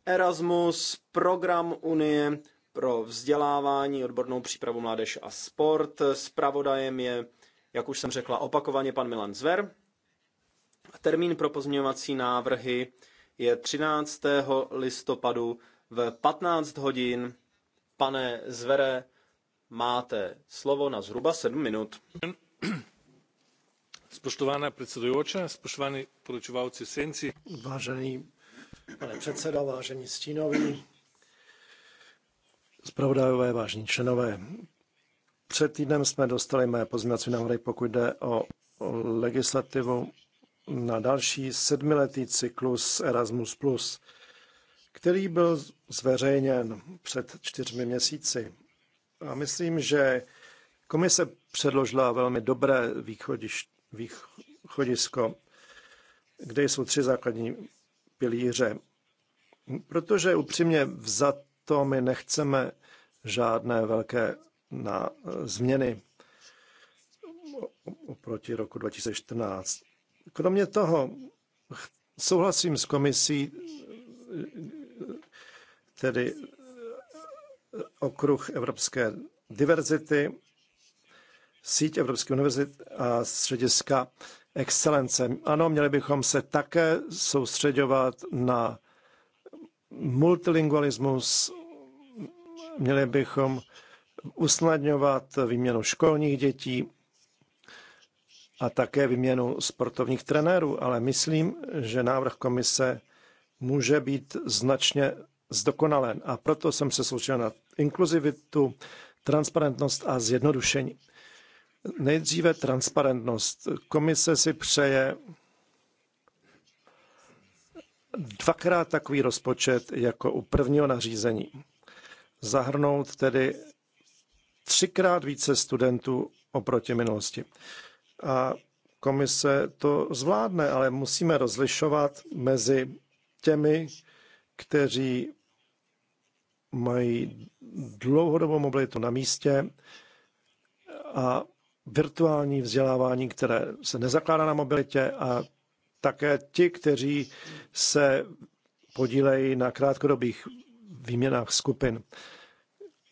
Erasmus, program Unie pro vzdělávání, odbornou přípravu mládež a sport. Spravodajem je, jak už jsem řekla opakovaně, pan Milan Zver. Termín pro pozměňovací návrhy je 13. listopadu v 15 hodin. Pane Zvere, máte slovo na zhruba 7 minut. Spoštovaná predsedujoča, spoštovaní poročevalci senci. Vážený pane předseda, vážení stínoví, zpravodajové, vážení členové. Před týdnem jsme dostali mé pozměňovací návrhy, pokud jde o legislativu na další sedmiletý cyklus Erasmus+, který byl zveřejněn před čtyřmi měsíci. A myslím, že komise předložila velmi dobré východisko, kde jsou tři základní pilíře. Protože upřímně to my nechceme žádné velké na změny oproti roku 2014. Kromě toho souhlasím s komisí, tedy eh, okruh evropské diverzity, síť evropských univerzit a střediska excelence. Ano, měli bychom se také soustředovat na multilingualismus, měli bychom usnadňovat výměnu školních dětí a také vyměnu sportovních trenérů, ale myslím, že návrh komise může být značně zdokonalen a proto jsem se soustředil na inkluzivitu, transparentnost a zjednodušení. Nejdříve transparentnost. Komise si přeje dvakrát takový rozpočet jako u prvního nařízení. Zahrnout tedy třikrát více studentů oproti minulosti a komise to zvládne, ale musíme rozlišovat mezi těmi, kteří mají dlouhodobou mobilitu na místě a virtuální vzdělávání, které se nezakládá na mobilitě a také ti, kteří se podílejí na krátkodobých výměnách skupin.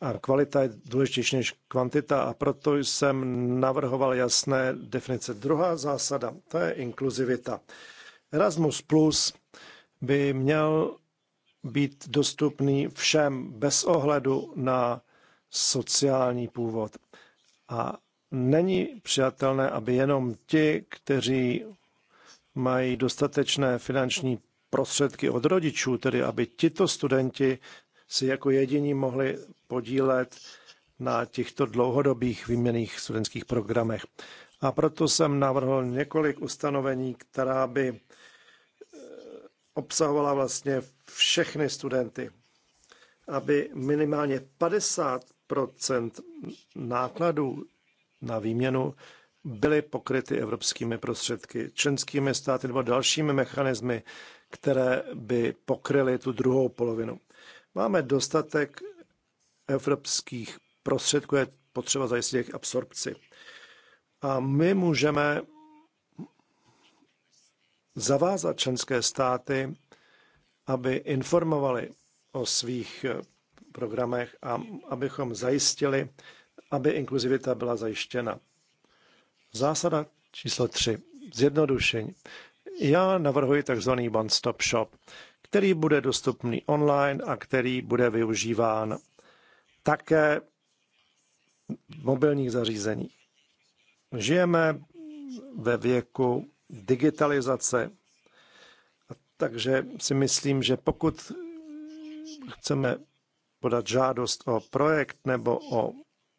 A kvalita je důležitější než kvantita a proto jsem navrhoval jasné definice. Druhá zásada, to je inkluzivita. Erasmus Plus by měl být dostupný všem bez ohledu na sociální původ. A není přijatelné, aby jenom ti, kteří mají dostatečné finanční prostředky od rodičů, tedy aby tito studenti si jako jediní mohli podílet na těchto dlouhodobých výměných studentských programech. A proto jsem navrhl několik ustanovení, která by eh, obsahovala vlastně všechny studenty, aby minimálně 50 nákladů na výměnu byly pokryty evropskými prostředky, členskými státy nebo dalšími mechanismy, které by pokryly tu druhou polovinu. Máme dostatek evropských prostředků, je potřeba zajistit jejich absorpci. A my můžeme zavázat členské státy, aby informovali o svých programech a abychom zajistili, aby inkluzivita byla zajištěna. Zásada číslo tři. Zjednodušení. Já navrhuji takzvaný one-stop shop který bude dostupný online a který bude využíván také v mobilních zařízeních. Žijeme ve věku digitalizace, takže si myslím, že pokud chceme podat žádost o projekt nebo o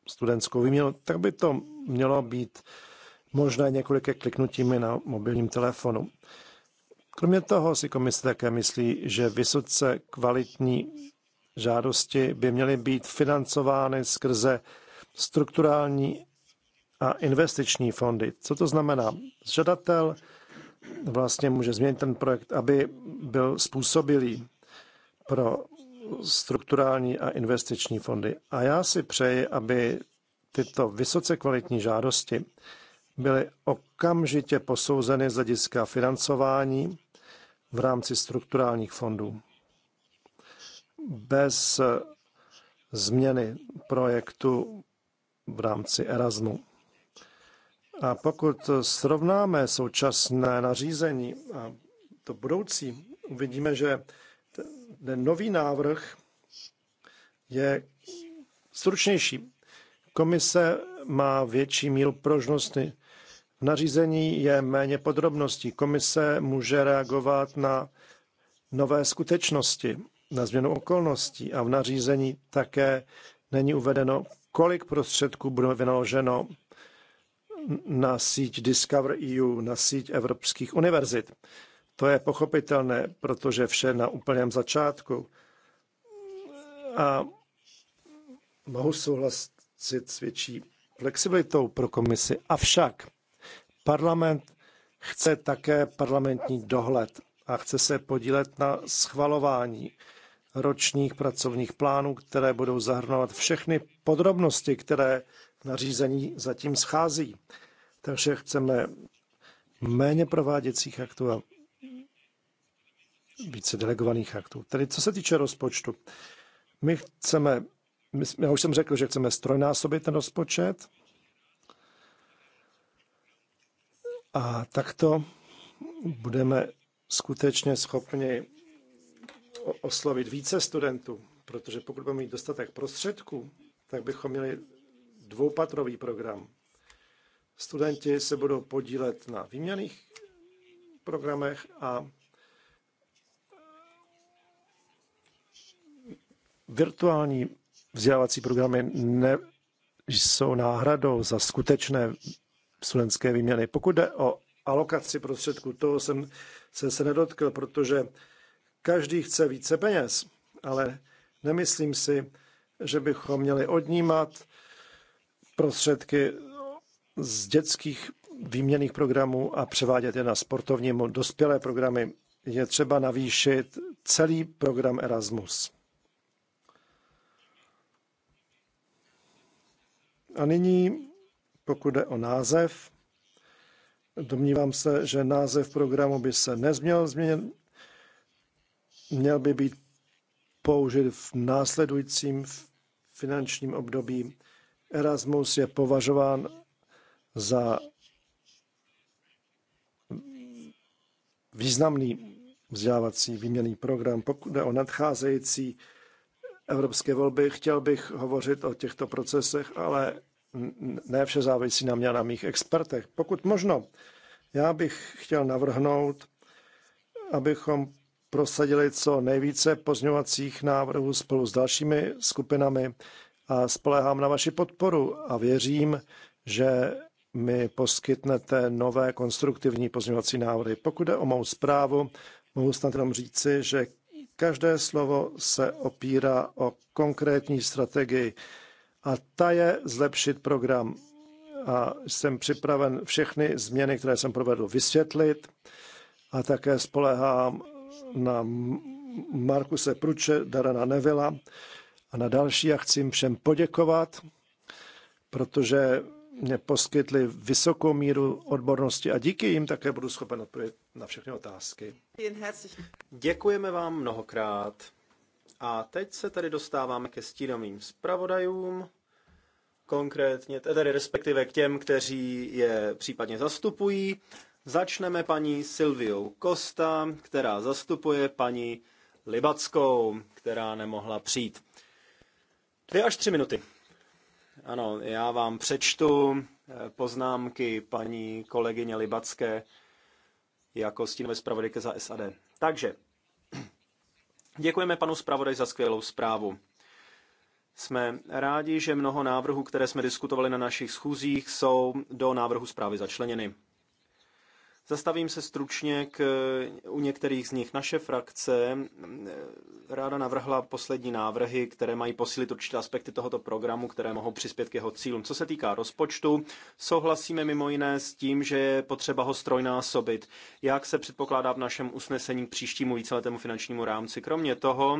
studentskou výměnu, tak by to mělo být možné několik kliknutími na mobilním telefonu. Kromě toho si komise také myslí, že vysoce kvalitní žádosti by měly být financovány skrze strukturální a investiční fondy. Co to znamená? Žadatel vlastně může změnit ten projekt, aby byl způsobilý pro strukturální a investiční fondy. A já si přeji, aby tyto vysoce kvalitní žádosti byly okamžitě posouzeny z hlediska financování v rámci strukturálních fondů. Bez eh, změny projektu v rámci Erasmu. A pokud srovnáme současné nařízení a to budoucí, uvidíme, že ten nový návrh je stručnější. Komise má větší míru prožnosti v nařízení je méně podrobností. Komise může reagovat na nové skutečnosti, na změnu okolností a v nařízení také není uvedeno, kolik prostředků bude vynaloženo na síť Discover EU, na síť evropských univerzit. To je pochopitelné, protože vše na úplném začátku. A mohu souhlasit s větší flexibilitou pro komisi. Avšak Parlament chce také parlamentní dohled a chce se podílet na schvalování ročních pracovních plánů, které budou zahrnovat všechny podrobnosti, které nařízení zatím schází. Takže chceme méně prováděcích aktů a více delegovaných aktů. Tedy co se týče rozpočtu, my chceme, my, já už jsem řekl, že chceme strojnásobit ten rozpočet, A takto budeme skutečně schopni oslovit více studentů, protože pokud budeme mít dostatek prostředků, tak bychom měli dvoupatrový program. Studenti se budou podílet na výměných programech a virtuální vzdělávací programy ne, jsou náhradou za skutečné studentské výměny. Pokud jde o alokaci prostředků, toho jsem se, se nedotkl, protože každý chce více peněz, ale nemyslím si, že bychom měli odnímat prostředky z dětských výměných programů a převádět je na sportovnímu dospělé programy. Je třeba navýšit celý program Erasmus. A nyní pokud jde o název, domnívám se, že název programu by se nezměl změnit, měl by být použit v následujícím finančním období. Erasmus je považován za významný vzdělávací výměný program. Pokud jde o nadcházející evropské volby, chtěl bych hovořit o těchto procesech, ale ne vše závisí na mě a na mých expertech. Pokud možno, já bych chtěl navrhnout, abychom prosadili co nejvíce pozňovacích návrhů spolu s dalšími skupinami a spolehám na vaši podporu a věřím, že mi poskytnete nové konstruktivní pozňovací návrhy. Pokud jde o mou zprávu, mohu snad jenom říci, že každé slovo se opírá o konkrétní strategii, a ta je zlepšit program. A jsem připraven všechny změny, které jsem provedl, vysvětlit a také spolehám na Markuse Pruče, Darana Nevila a na další Já chci jim všem poděkovat, protože mě poskytli vysokou míru odbornosti a díky jim také budu schopen odpovědět na všechny otázky. Děkujeme vám mnohokrát. A teď se tady dostáváme ke stínovým zpravodajům, konkrétně, tedy respektive k těm, kteří je případně zastupují. Začneme paní Silviou Kosta, která zastupuje paní Libackou, která nemohla přijít. Dvě až tři minuty. Ano, já vám přečtu eh, poznámky paní kolegyně Libacké jako stínové zpravodajky za SAD. Takže Děkujeme panu zpravodaj za skvělou zprávu. Jsme rádi, že mnoho návrhů, které jsme diskutovali na našich schůzích, jsou do návrhu zprávy začleněny. Zastavím se stručně k, u některých z nich. Naše frakce ráda navrhla poslední návrhy, které mají posílit určité aspekty tohoto programu, které mohou přispět k jeho cílům. Co se týká rozpočtu, souhlasíme mimo jiné s tím, že je potřeba ho strojnásobit, jak se předpokládá v našem usnesení k příštímu víceletému finančnímu rámci. Kromě toho,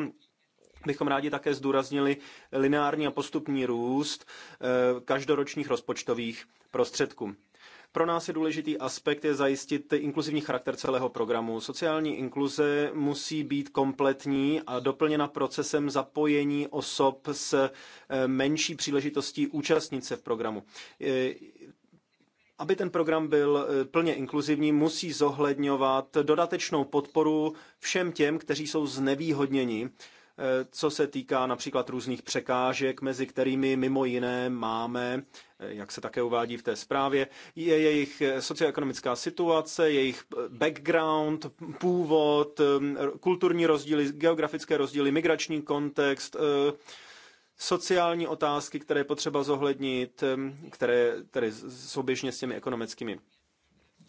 bychom rádi také zdůraznili lineární a postupný růst e, každoročních rozpočtových prostředků. Pro nás je důležitý aspekt je zajistit inkluzivní charakter celého programu. Sociální inkluze musí být kompletní a doplněna procesem zapojení osob s eh, menší příležitostí účastnit se v programu eh, aby ten program byl eh, plně inkluzivní, musí zohledňovat dodatečnou podporu všem těm, kteří jsou znevýhodněni, co se týká například různých překážek, mezi kterými mimo jiné máme jak se také uvádí v té zprávě, je jejich socioekonomická situace, jejich background, původ, um, kulturní rozdíly, geografické rozdíly, migrační kontext, uh, sociální otázky, které je potřeba zohlednit, um, které tedy souběžně s těmi ekonomickými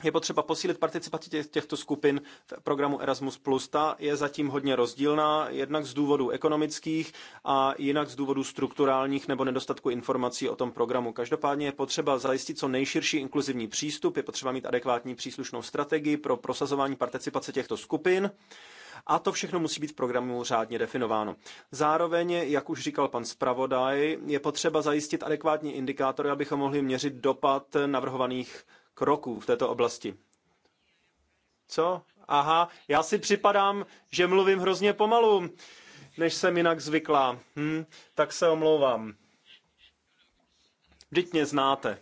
je potřeba posílit participaci těchto skupin v programu Erasmus+. Ta je zatím hodně rozdílná, jednak z důvodů ekonomických a jinak z důvodů strukturálních nebo nedostatku informací o tom programu. Každopádně je potřeba zajistit co nejširší inkluzivní přístup, je potřeba mít adekvátní příslušnou strategii pro prosazování participace těchto skupin. A to všechno musí být v programu řádně definováno. Zároveň, jak už říkal pan zpravodaj, je potřeba zajistit adekvátní indikátory, abychom mohli měřit dopad navrhovaných kroků v této oblasti. Co? Aha, já si připadám, že mluvím hrozně pomalu, než jsem jinak zvyklá. Hm, tak se omlouvám. Vždyť mě znáte.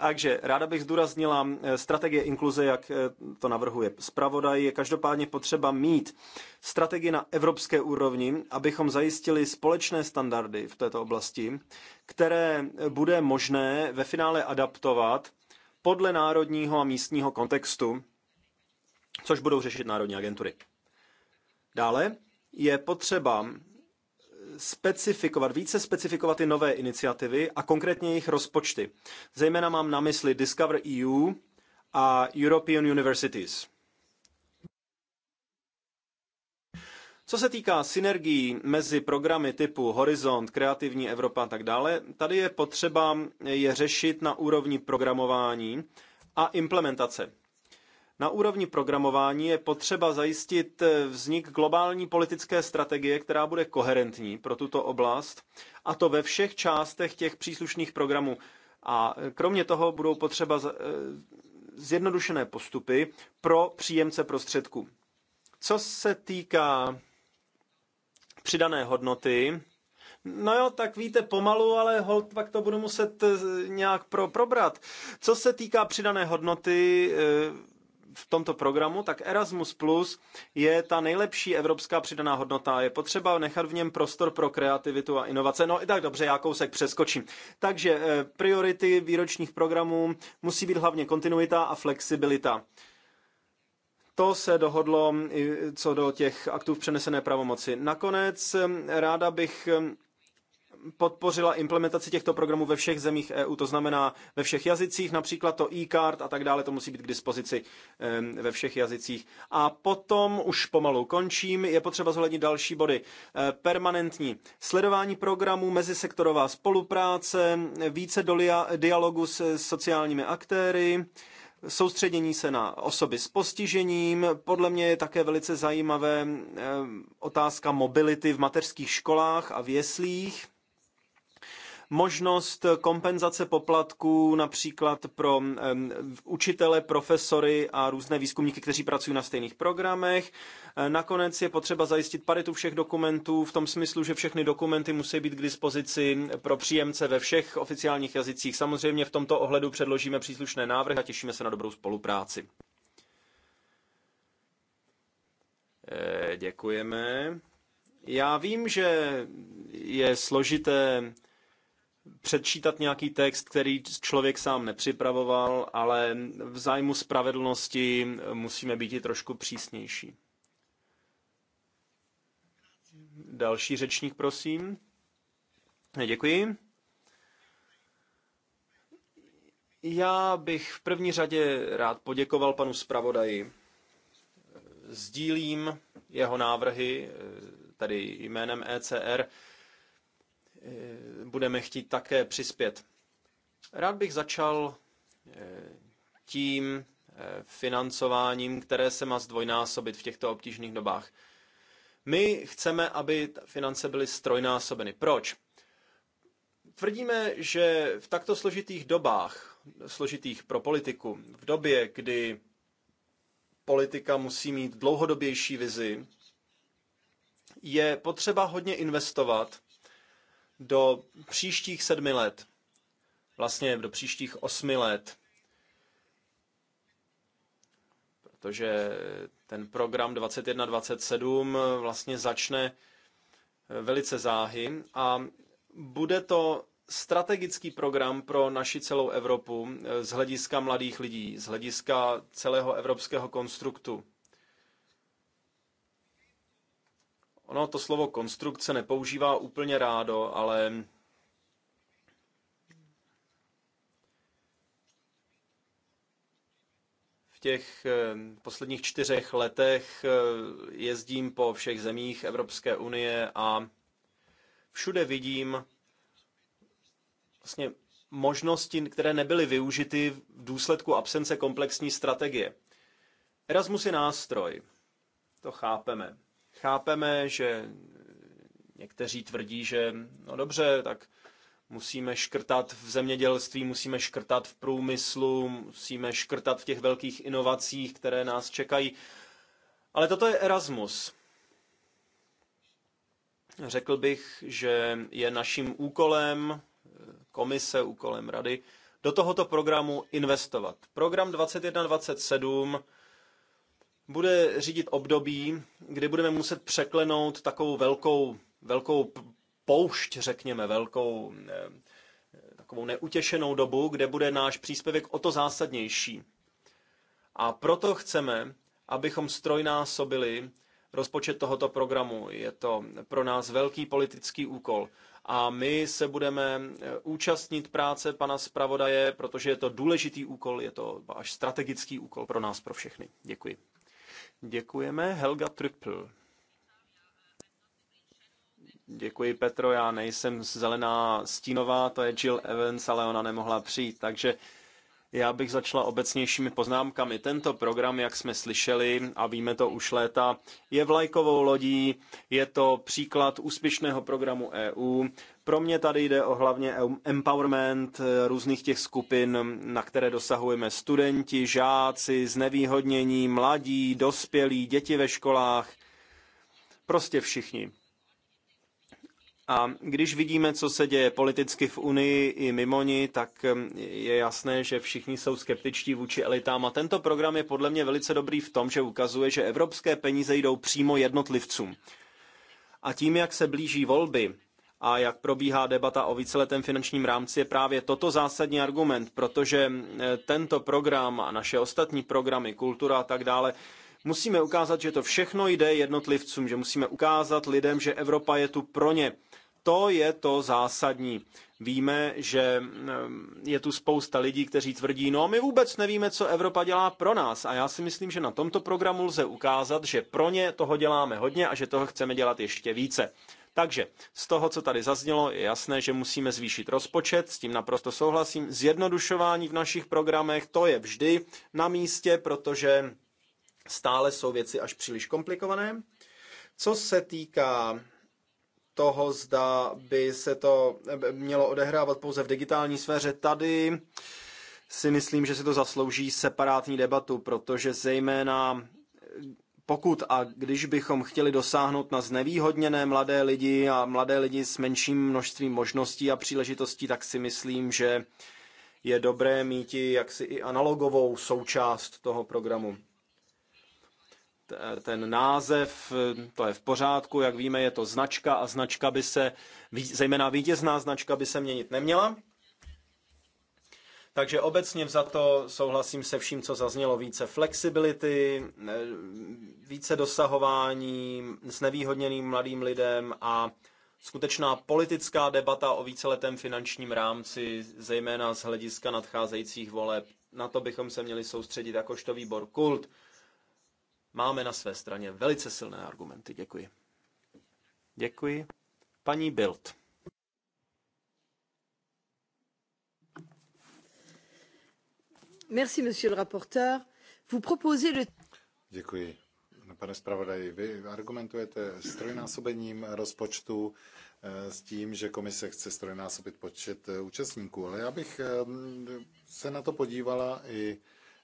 Takže ráda bych zdůraznila eh, strategie inkluze, jak eh, to navrhuje zpravodaj. Je každopádně potřeba mít strategii na evropské úrovni, abychom zajistili společné standardy v této oblasti, které eh, bude možné ve finále adaptovat podle národního a místního kontextu, což budou řešit národní agentury. Dále je potřeba specifikovat, více specifikovat ty nové iniciativy a konkrétně jejich rozpočty. Zejména mám na mysli Discover EU a European Universities. Co se týká synergií mezi programy typu Horizont, Kreativní Evropa a tak dále, tady je potřeba je řešit na úrovni programování a implementace. Na úrovni programování je potřeba zajistit eh, vznik globální politické strategie, která bude koherentní pro tuto oblast, a to ve všech částech těch příslušných programů. A eh, kromě toho budou potřeba eh, zjednodušené postupy pro příjemce prostředků. Co se týká přidané hodnoty, No jo, tak víte, pomalu, ale hold, pak to budu muset nějak pro, probrat. Co se týká přidané hodnoty v tomto programu, tak Erasmus Plus je ta nejlepší evropská přidaná hodnota. Je potřeba nechat v něm prostor pro kreativitu a inovace. No i tak dobře, já kousek přeskočím. Takže eh, priority výročních programů musí být hlavně kontinuita a flexibilita. To se dohodlo co do těch aktů v přenesené pravomoci. Nakonec eh, ráda bych eh, podpořila implementaci těchto programů ve všech zemích EU, to znamená ve všech jazycích, například to e-card a tak dále, to musí být k dispozici ve všech jazycích. A potom už pomalu končím, je potřeba zohlednit další body. E, permanentní sledování programů, mezisektorová spolupráce, více dialogu s sociálními aktéry, soustředění se na osoby s postižením. Podle mě je také velice zajímavé otázka mobility v mateřských školách a v jeslích možnost kompenzace poplatků například pro učitele, profesory a různé výzkumníky, kteří pracují na stejných programech. E, nakonec je potřeba zajistit paritu všech dokumentů v tom smyslu, že všechny dokumenty musí být k dispozici pro příjemce ve všech oficiálních jazycích. Samozřejmě v tomto ohledu předložíme příslušné návrhy a těšíme se na dobrou spolupráci. E, děkujeme. Já vím, že je složité předčítat nějaký text, který člověk sám nepřipravoval, ale v zájmu spravedlnosti musíme být i trošku přísnější. Další řečník, prosím. Děkuji. Já bych v první řadě rád poděkoval panu zpravodaji. Sdílím jeho návrhy, tady jménem ECR. Eh, budeme chtít také přispět. Rád bych začal eh, tím eh, financováním, které se má zdvojnásobit v těchto obtížných dobách. My chceme, aby finance byly strojnásobeny. Proč? Tvrdíme, že v takto složitých dobách, složitých pro politiku, v době, kdy politika musí mít dlouhodobější vizi, je potřeba hodně investovat do příštích sedmi let, vlastně do příštích osmi let, protože ten program 2127 vlastně začne eh, velice záhy a bude to strategický program pro naši celou Evropu eh, z hlediska mladých lidí, z hlediska celého evropského konstruktu. Ono to slovo konstrukce nepoužívá úplně rádo, ale v těch eh, posledních čtyřech letech eh, jezdím po všech zemích Evropské unie a všude vidím vlastně možnosti, které nebyly využity v důsledku absence komplexní strategie. Erasmus je nástroj, to chápeme. Chápeme, že někteří tvrdí, že no dobře, tak musíme škrtat v zemědělství, musíme škrtat v průmyslu, musíme škrtat v těch velkých inovacích, které nás čekají. Ale toto je Erasmus. Řekl bych, že je naším úkolem komise, úkolem rady, do tohoto programu investovat. Program 2127 bude řídit období, kdy budeme muset překlenout takovou velkou, velkou poušť, řekněme, velkou eh, takovou neutěšenou dobu, kde bude náš příspěvek o to zásadnější. A proto chceme, abychom strojnásobili rozpočet tohoto programu. Je to pro nás velký politický úkol. A my se budeme eh, účastnit práce pana zpravodaje, protože je to důležitý úkol, je to až strategický úkol pro nás, pro všechny. Děkuji. Děkujeme. Helga Trippl. Děkuji, Petro. Já nejsem zelená stínová, to je Jill Evans, ale ona nemohla přijít. Takže já bych začala obecnějšími poznámkami. Tento program, jak jsme slyšeli a víme to už léta, je vlajkovou lodí, je to příklad úspěšného programu EU, pro mě tady jde o hlavně empowerment eh, různých těch skupin, na které dosahujeme studenti, žáci, znevýhodnění, mladí, dospělí, děti ve školách, prostě všichni. A když vidíme, co se děje politicky v Unii i mimo ní, tak eh, je jasné, že všichni jsou skeptičtí vůči elitám. A tento program je podle mě velice dobrý v tom, že ukazuje, že evropské peníze jdou přímo jednotlivcům. A tím, jak se blíží volby, a jak probíhá debata o víceletém finančním rámci, je právě toto zásadní argument, protože eh, tento program a naše ostatní programy, kultura a tak dále, musíme ukázat, že to všechno jde jednotlivcům, že musíme ukázat lidem, že Evropa je tu pro ně. To je to zásadní. Víme, že eh, je tu spousta lidí, kteří tvrdí, no my vůbec nevíme, co Evropa dělá pro nás. A já si myslím, že na tomto programu lze ukázat, že pro ně toho děláme hodně a že toho chceme dělat ještě více. Takže z toho, co tady zaznělo, je jasné, že musíme zvýšit rozpočet, s tím naprosto souhlasím. Zjednodušování v našich programech, to je vždy na místě, protože stále jsou věci až příliš komplikované. Co se týká toho, zda by se to eh, mělo odehrávat pouze v digitální sféře, tady si myslím, že si to zaslouží separátní debatu, protože zejména pokud a když bychom chtěli dosáhnout na znevýhodněné mladé lidi a mladé lidi s menším množstvím možností a příležitostí, tak si myslím, že je dobré mít i jaksi i analogovou součást toho programu. Ten název, to je v pořádku, jak víme, je to značka a značka by se, zejména vítězná značka by se měnit neměla. Takže obecně to souhlasím se vším, co zaznělo. Více flexibility, více dosahování s nevýhodněným mladým lidem a skutečná politická debata o víceletém finančním rámci, zejména z hlediska nadcházejících voleb. Na to bychom se měli soustředit jakožto výbor kult. Máme na své straně velice silné argumenty. Děkuji. Děkuji. Paní Bild. Pane zpravodaji, vy argumentujete ztrojnásobením rozpočtu eh, s tím, že komise chce ztrojnásobit počet eh, účastníků, ale já bych eh, se na to podívala i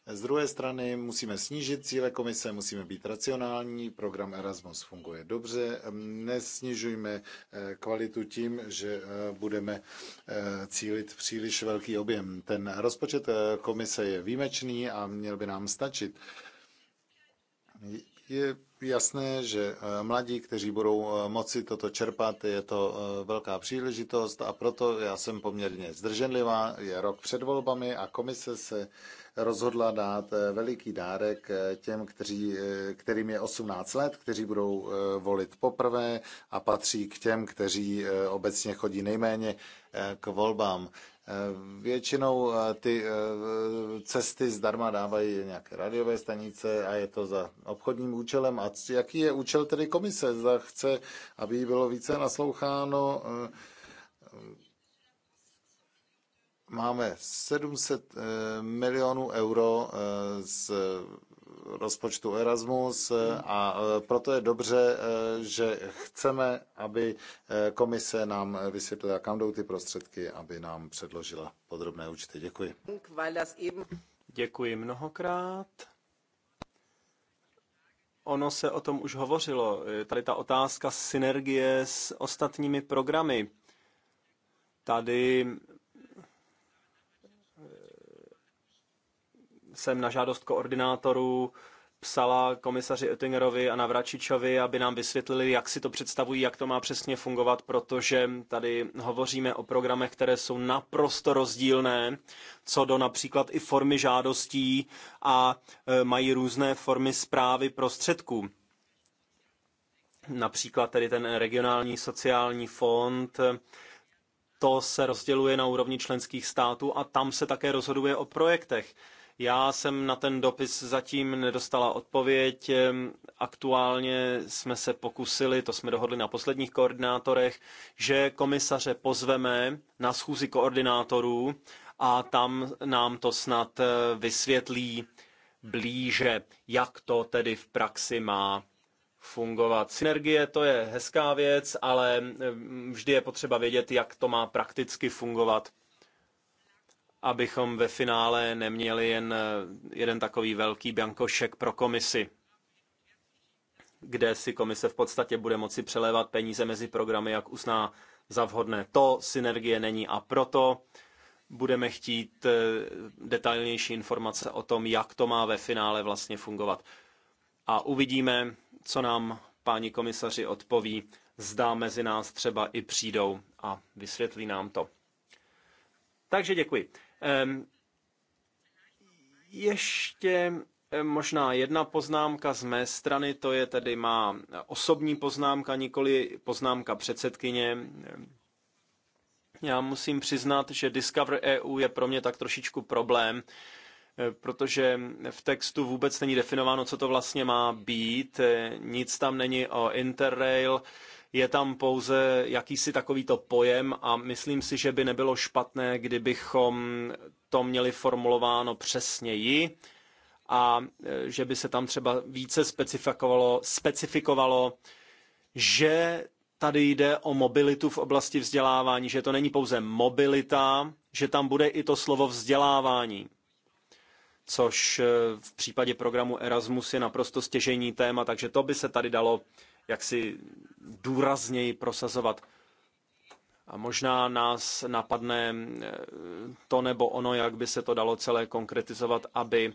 z druhé strany musíme snížit cíle komise, musíme být racionální, program Erasmus funguje dobře, nesnižujme eh, kvalitu tím, že eh, budeme eh, cílit příliš velký objem. Ten rozpočet komise je výjimečný a měl by nám stačit je jasné, že eh, mladí, kteří budou eh, moci toto čerpat, je to eh, velká příležitost a proto já jsem poměrně zdrženlivá. Je rok před volbami a komise se rozhodla dát veliký dárek těm, kteří, kterým je 18 let, kteří budou volit poprvé a patří k těm, kteří obecně chodí nejméně k volbám. Eh, většinou eh, ty eh, cesty zdarma dávají nějaké radiové stanice a je to za obchodním účelem. A jaký je účel tedy komise? Zda chce, aby jí bylo více nasloucháno? máme 700 eh, milionů euro eh, z rozpočtu Erasmus eh, hmm. a proto je dobře, že chceme, aby komise nám vysvětlila, kam jdou ty prostředky, aby nám předložila podrobné účty. Děkuji. Děkuji mnohokrát. Ono se o tom už hovořilo. Tady ta otázka synergie s ostatními programy. Tady jsem na žádost koordinátorů psala komisaři Oettingerovi a Navračičovi, aby nám vysvětlili, jak si to představují, jak to má přesně fungovat, protože tady hovoříme o programech, které jsou naprosto rozdílné, co do například i formy žádostí a e, mají různé formy zprávy prostředků. Například tedy ten regionální sociální fond, e, to se rozděluje na úrovni členských států a tam se také rozhoduje o projektech. Já jsem na ten dopis zatím nedostala odpověď. Aktuálně jsme se pokusili, to jsme dohodli na posledních koordinátorech, že komisaře pozveme na schůzi koordinátorů a tam nám to snad eh, vysvětlí blíže, jak to tedy v praxi má fungovat. Synergie to je hezká věc, ale vždy je potřeba vědět, jak to má prakticky fungovat abychom ve finále neměli jen eh, jeden takový velký biankošek pro komisi, kde si komise v podstatě bude moci přelévat peníze mezi programy, jak uzná za vhodné. To synergie není a proto budeme chtít eh, detailnější informace o tom, jak to má ve finále vlastně fungovat. A uvidíme, co nám páni komisaři odpoví, zda mezi nás třeba i přijdou a vysvětlí nám to. Takže děkuji. Ještě možná jedna poznámka z mé strany, to je tedy má osobní poznámka, nikoli poznámka předsedkyně. Já musím přiznat, že Discover EU je pro mě tak trošičku problém, e, protože v textu vůbec není definováno, co to vlastně má být, e, nic tam není o Interrail, je tam pouze jakýsi takovýto pojem a myslím si, že by nebylo špatné, kdybychom to měli formulováno přesněji a e, že by se tam třeba více specifikovalo, specifikovalo že tady jde o mobilitu v oblasti vzdělávání, že to není pouze mobilita, že tam bude i to slovo vzdělávání, což e, v případě programu Erasmus je naprosto stěžejní téma, takže to by se tady dalo jaksi důrazněji prosazovat. A možná nás napadne eh, to nebo ono, jak by se to dalo celé konkretizovat, aby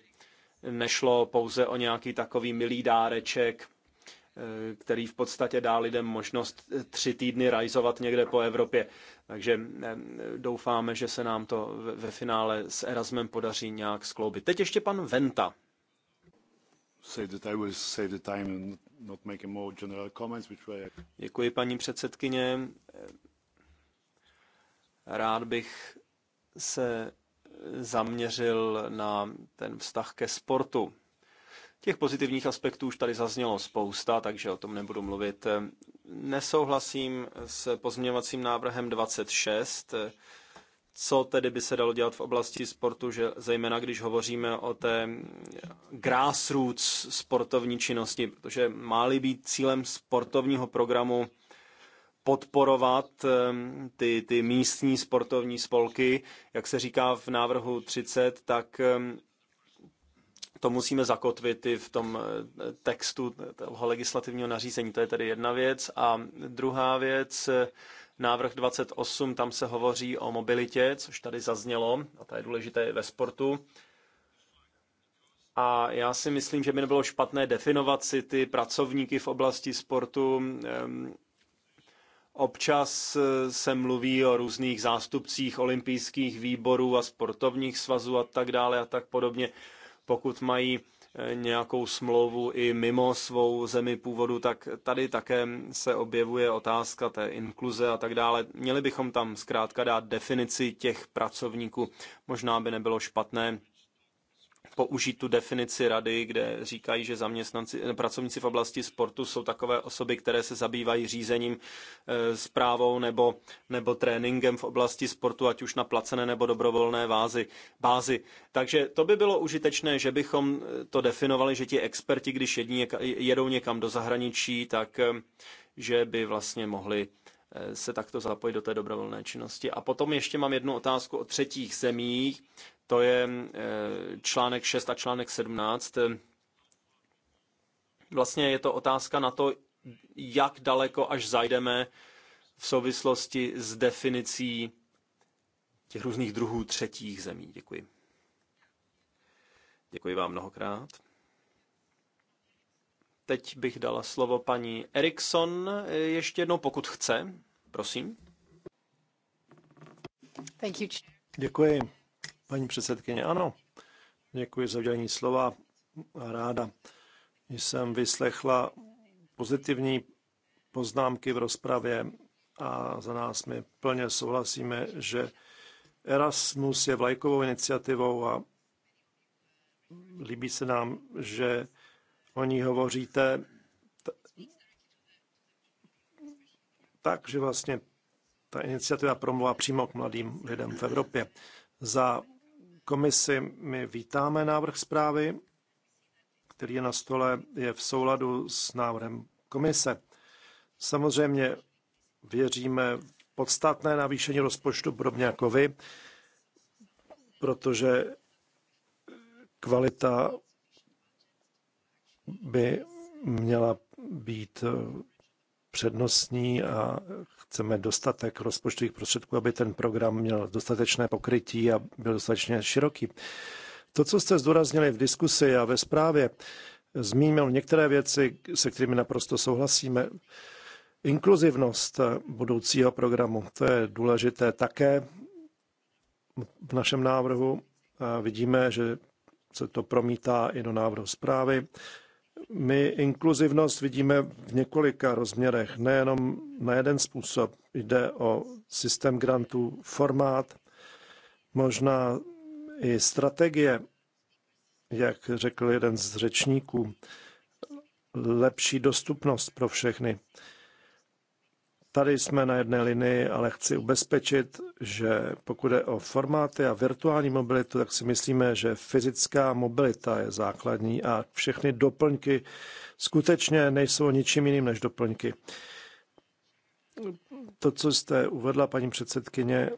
nešlo pouze o nějaký takový milý dáreček, eh, který v podstatě dá lidem možnost eh, tři týdny rajzovat někde po Evropě. Takže doufáme, že se nám to ve finále s Erasmem podaří nějak skloubit. Teď ještě pan Venta. Děkuji, paní předsedkyně. Rád bych se zaměřil na ten vztah ke sportu. Těch pozitivních aspektů už tady zaznělo spousta, takže o tom nebudu mluvit. Nesouhlasím s pozměňovacím návrhem 26, co tedy by se dalo dělat v oblasti sportu, že zejména když hovoříme o té grassroots sportovní činnosti, protože má být cílem sportovního programu podporovat ehm, ty, ty místní sportovní spolky, jak se říká v návrhu 30, tak ehm, to musíme zakotvit i v tom eh, textu toho legislativního nařízení. To je tedy jedna věc. A druhá věc, návrh 28, tam se hovoří o mobilitě, což tady zaznělo, a to je důležité ve sportu. A já si myslím, že by nebylo špatné definovat si ty pracovníky v oblasti sportu. Občas eh, se mluví o různých zástupcích olympijských výborů a sportovních svazů a tak dále a tak podobně. Pokud mají nějakou smlouvu i mimo svou zemi původu, tak tady také se objevuje otázka té inkluze a tak dále. Měli bychom tam zkrátka dát definici těch pracovníků. Možná by nebylo špatné použít tu definici rady, kde říkají, že zaměstnanci, eh, pracovníci v oblasti sportu jsou takové osoby, které se zabývají řízením, zprávou eh, nebo, nebo tréninkem v oblasti sportu, ať už na placené nebo dobrovolné vázy bázi. Takže to by bylo užitečné, že bychom eh, to definovali, že ti experti, když jedou někam do zahraničí, tak že by vlastně mohli se takto zapojit do té dobrovolné činnosti. A potom ještě mám jednu otázku o třetích zemích to je eh, článek 6 a článek 17. Vlastně je to otázka na to, jak daleko až zajdeme v souvislosti s definicí těch různých druhů třetích zemí. Děkuji. Děkuji vám mnohokrát. Teď bych dala slovo paní Erikson eh, ještě jednou, pokud chce. Prosím. Thank you. Děkuji. Paní předsedkyně, ano. Děkuji za udělení slova a ráda jsem vyslechla pozitivní poznámky v rozpravě a za nás my plně souhlasíme, že Erasmus je vlajkovou iniciativou a líbí se nám, že o ní hovoříte tak, že vlastně ta iniciativa promluvá přímo k mladým lidem v Evropě. Za komisi. My vítáme návrh zprávy, který je na stole, je v souladu s návrhem komise. Samozřejmě věříme v podstatné navýšení rozpočtu, podobně jako vy, protože kvalita by měla být přednostní a chceme dostatek rozpočtových prostředků, aby ten program měl dostatečné pokrytí a byl dostatečně široký. To, co jste zdůraznili v diskusi a ve zprávě, zmínil některé věci, se kterými naprosto souhlasíme. Inkluzivnost budoucího programu, to je důležité také v našem návrhu. Vidíme, že se to promítá i do návrhu zprávy. My inkluzivnost vidíme v několika rozměrech, nejenom na jeden způsob. Jde o systém grantů, formát, možná i strategie, jak řekl jeden z řečníků, lepší dostupnost pro všechny. Tady jsme na jedné linii, ale chci ubezpečit, že pokud je o formáty a virtuální mobilitu, tak si myslíme, že fyzická mobilita je základní a všechny doplňky skutečně nejsou ničím jiným než doplňky. To, co jste uvedla, paní předsedkyně,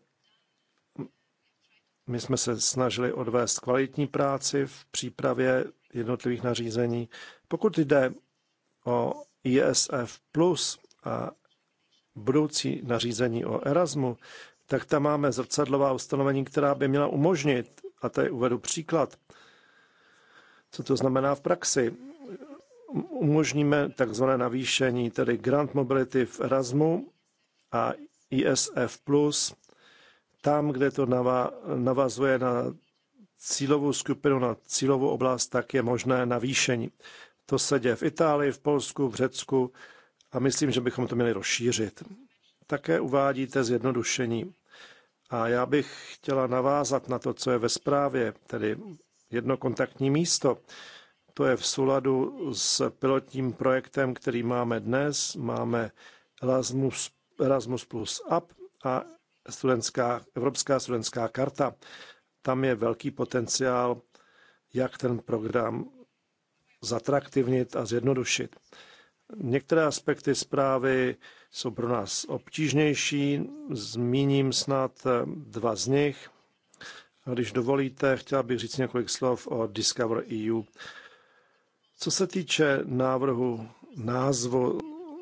my jsme se snažili odvést kvalitní práci v přípravě jednotlivých nařízení. Pokud jde o ISF plus a budoucí nařízení o Erasmu, tak tam máme zrcadlová ustanovení, která by měla umožnit, a tady uvedu příklad, co to znamená v praxi. Umožníme takzvané navýšení, tedy Grant Mobility v Erasmu a ISF+, tam, kde to navazuje na cílovou skupinu, na cílovou oblast, tak je možné navýšení. To se děje v Itálii, v Polsku, v Řecku a myslím, že bychom to měli rozšířit. Také uvádíte zjednodušení. A já bych chtěla navázat na to, co je ve zprávě, tedy jedno kontaktní místo. To je v souladu s pilotním projektem, který máme dnes. Máme Erasmus, Erasmus Plus App a studentská, Evropská studentská karta. Tam je velký potenciál, jak ten program zatraktivnit a zjednodušit. Některé aspekty zprávy jsou pro nás obtížnější, zmíním snad eh, dva z nich. Když dovolíte, chtěl bych říct několik slov o Discover EU. Co se týče návrhu názvu,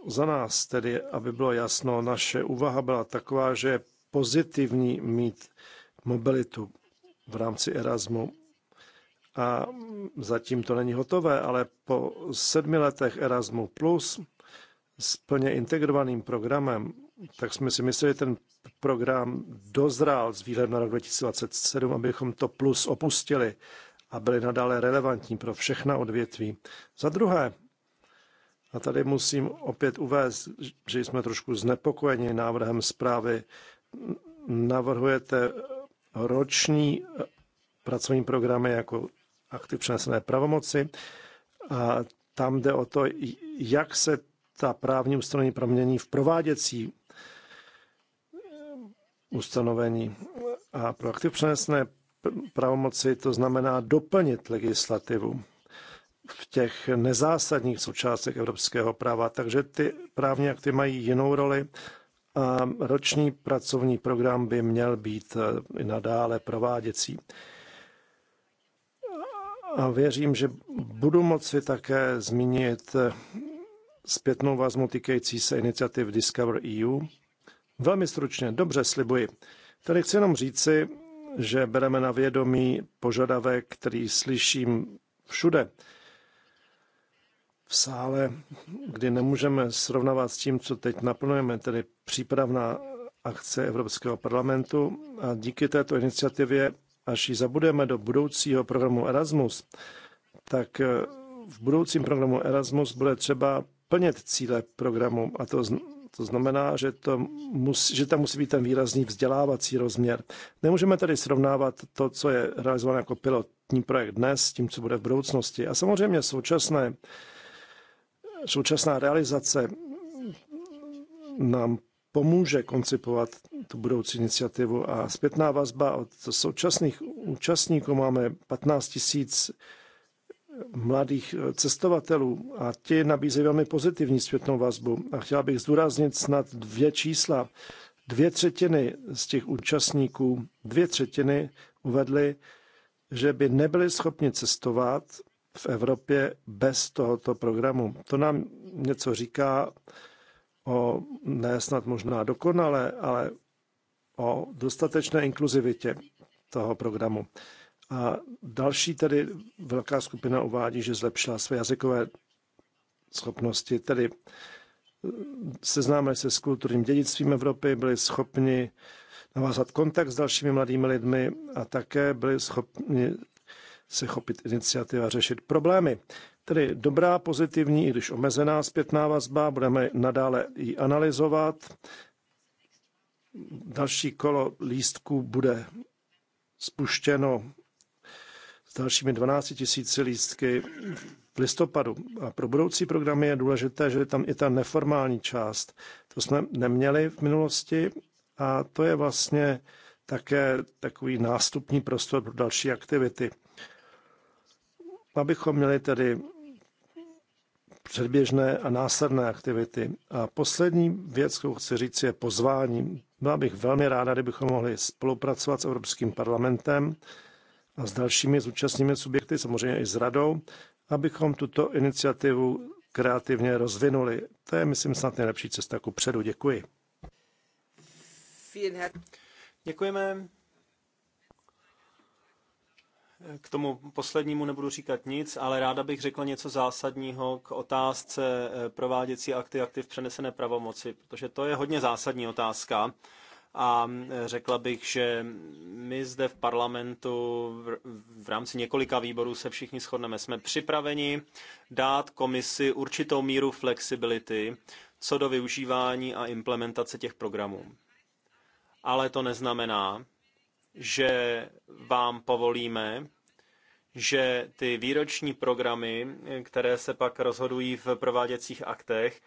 za nás tedy, aby bylo jasno, naše úvaha byla taková, že je pozitivní mít mobilitu v rámci Erasmu a zatím to není hotové, ale po sedmi letech Erasmu Plus s plně integrovaným programem, tak jsme si mysleli, že ten program dozrál s výhledem na rok 2027, abychom to plus opustili a byli nadále relevantní pro všechna odvětví. Za druhé, a tady musím opět uvést, že jsme trošku znepokojeni návrhem zprávy, navrhujete roční pracovní programy jako akty přenesené pravomoci. A tam jde o to, jak se ta právní ustanovení promění v prováděcí eh, ustanovení. A pro akty přenesené pravomoci to znamená doplnit legislativu v těch nezásadních součástech evropského práva. Takže ty právní akty mají jinou roli a roční pracovní program by měl být eh, i nadále prováděcí. A věřím, že budu moci také zmínit zpětnou vazbu týkající se iniciativ Discover EU. Velmi stručně, dobře, slibuji. Tady chci jenom říci, že bereme na vědomí požadavek, který slyším všude v sále, kdy nemůžeme srovnávat s tím, co teď naplňujeme, tedy přípravná akce Evropského parlamentu. A díky této iniciativě až ji zabudeme do budoucího programu Erasmus, tak eh, v budoucím programu Erasmus bude třeba plnit cíle programu a to, to znamená, že, to mus, že tam musí být ten výrazný vzdělávací rozměr. Nemůžeme tedy srovnávat to, co je realizováno jako pilotní projekt dnes s tím, co bude v budoucnosti. A samozřejmě současné, současná realizace nám pomůže koncipovat tu budoucí iniciativu. A zpětná vazba od současných účastníků máme 15 tisíc mladých eh, cestovatelů a ti nabízejí velmi pozitivní zpětnou vazbu. A chtěla bych zdůraznit snad dvě čísla. Dvě třetiny z těch účastníků, dvě třetiny uvedly, že by nebyli schopni cestovat v Evropě bez tohoto programu. To nám něco říká o ne snad možná dokonale, ale o dostatečné inkluzivitě toho programu. A další tedy velká skupina uvádí, že zlepšila své jazykové schopnosti, tedy eh, seznámili se s kulturním dědictvím Evropy, byli schopni navázat kontakt s dalšími mladými lidmi a také byli schopni se chopit iniciativa řešit problémy. Tedy dobrá, pozitivní, i když omezená zpětná vazba, budeme nadále ji analyzovat. Další kolo lístků bude spuštěno s dalšími 12 tisíci lístky v listopadu. A pro budoucí programy je důležité, že je tam i ta neformální část. To jsme neměli v minulosti a to je vlastně také takový nástupní prostor pro další aktivity abychom měli tedy předběžné a následné aktivity. A poslední věc, kterou chci říct, je pozvání. Byla bych velmi ráda, kdybychom mohli spolupracovat s Evropským parlamentem a s dalšími zúčastními subjekty, samozřejmě i s radou, abychom tuto iniciativu kreativně rozvinuli. To je, myslím, snad nejlepší cesta ku předu. Děkuji. Děkujeme. K tomu poslednímu nebudu říkat nic, ale ráda bych řekla něco zásadního k otázce eh, prováděcí akty aktiv přenesené pravomoci, protože to je hodně zásadní otázka. A mm, řekla bych, že my zde v parlamentu v rámci několika výborů se všichni shodneme. Jsme připraveni dát komisi určitou míru flexibility co do využívání a implementace těch programů. Ale to neznamená, že vám povolíme, že ty výroční programy, které se pak rozhodují v prováděcích aktech,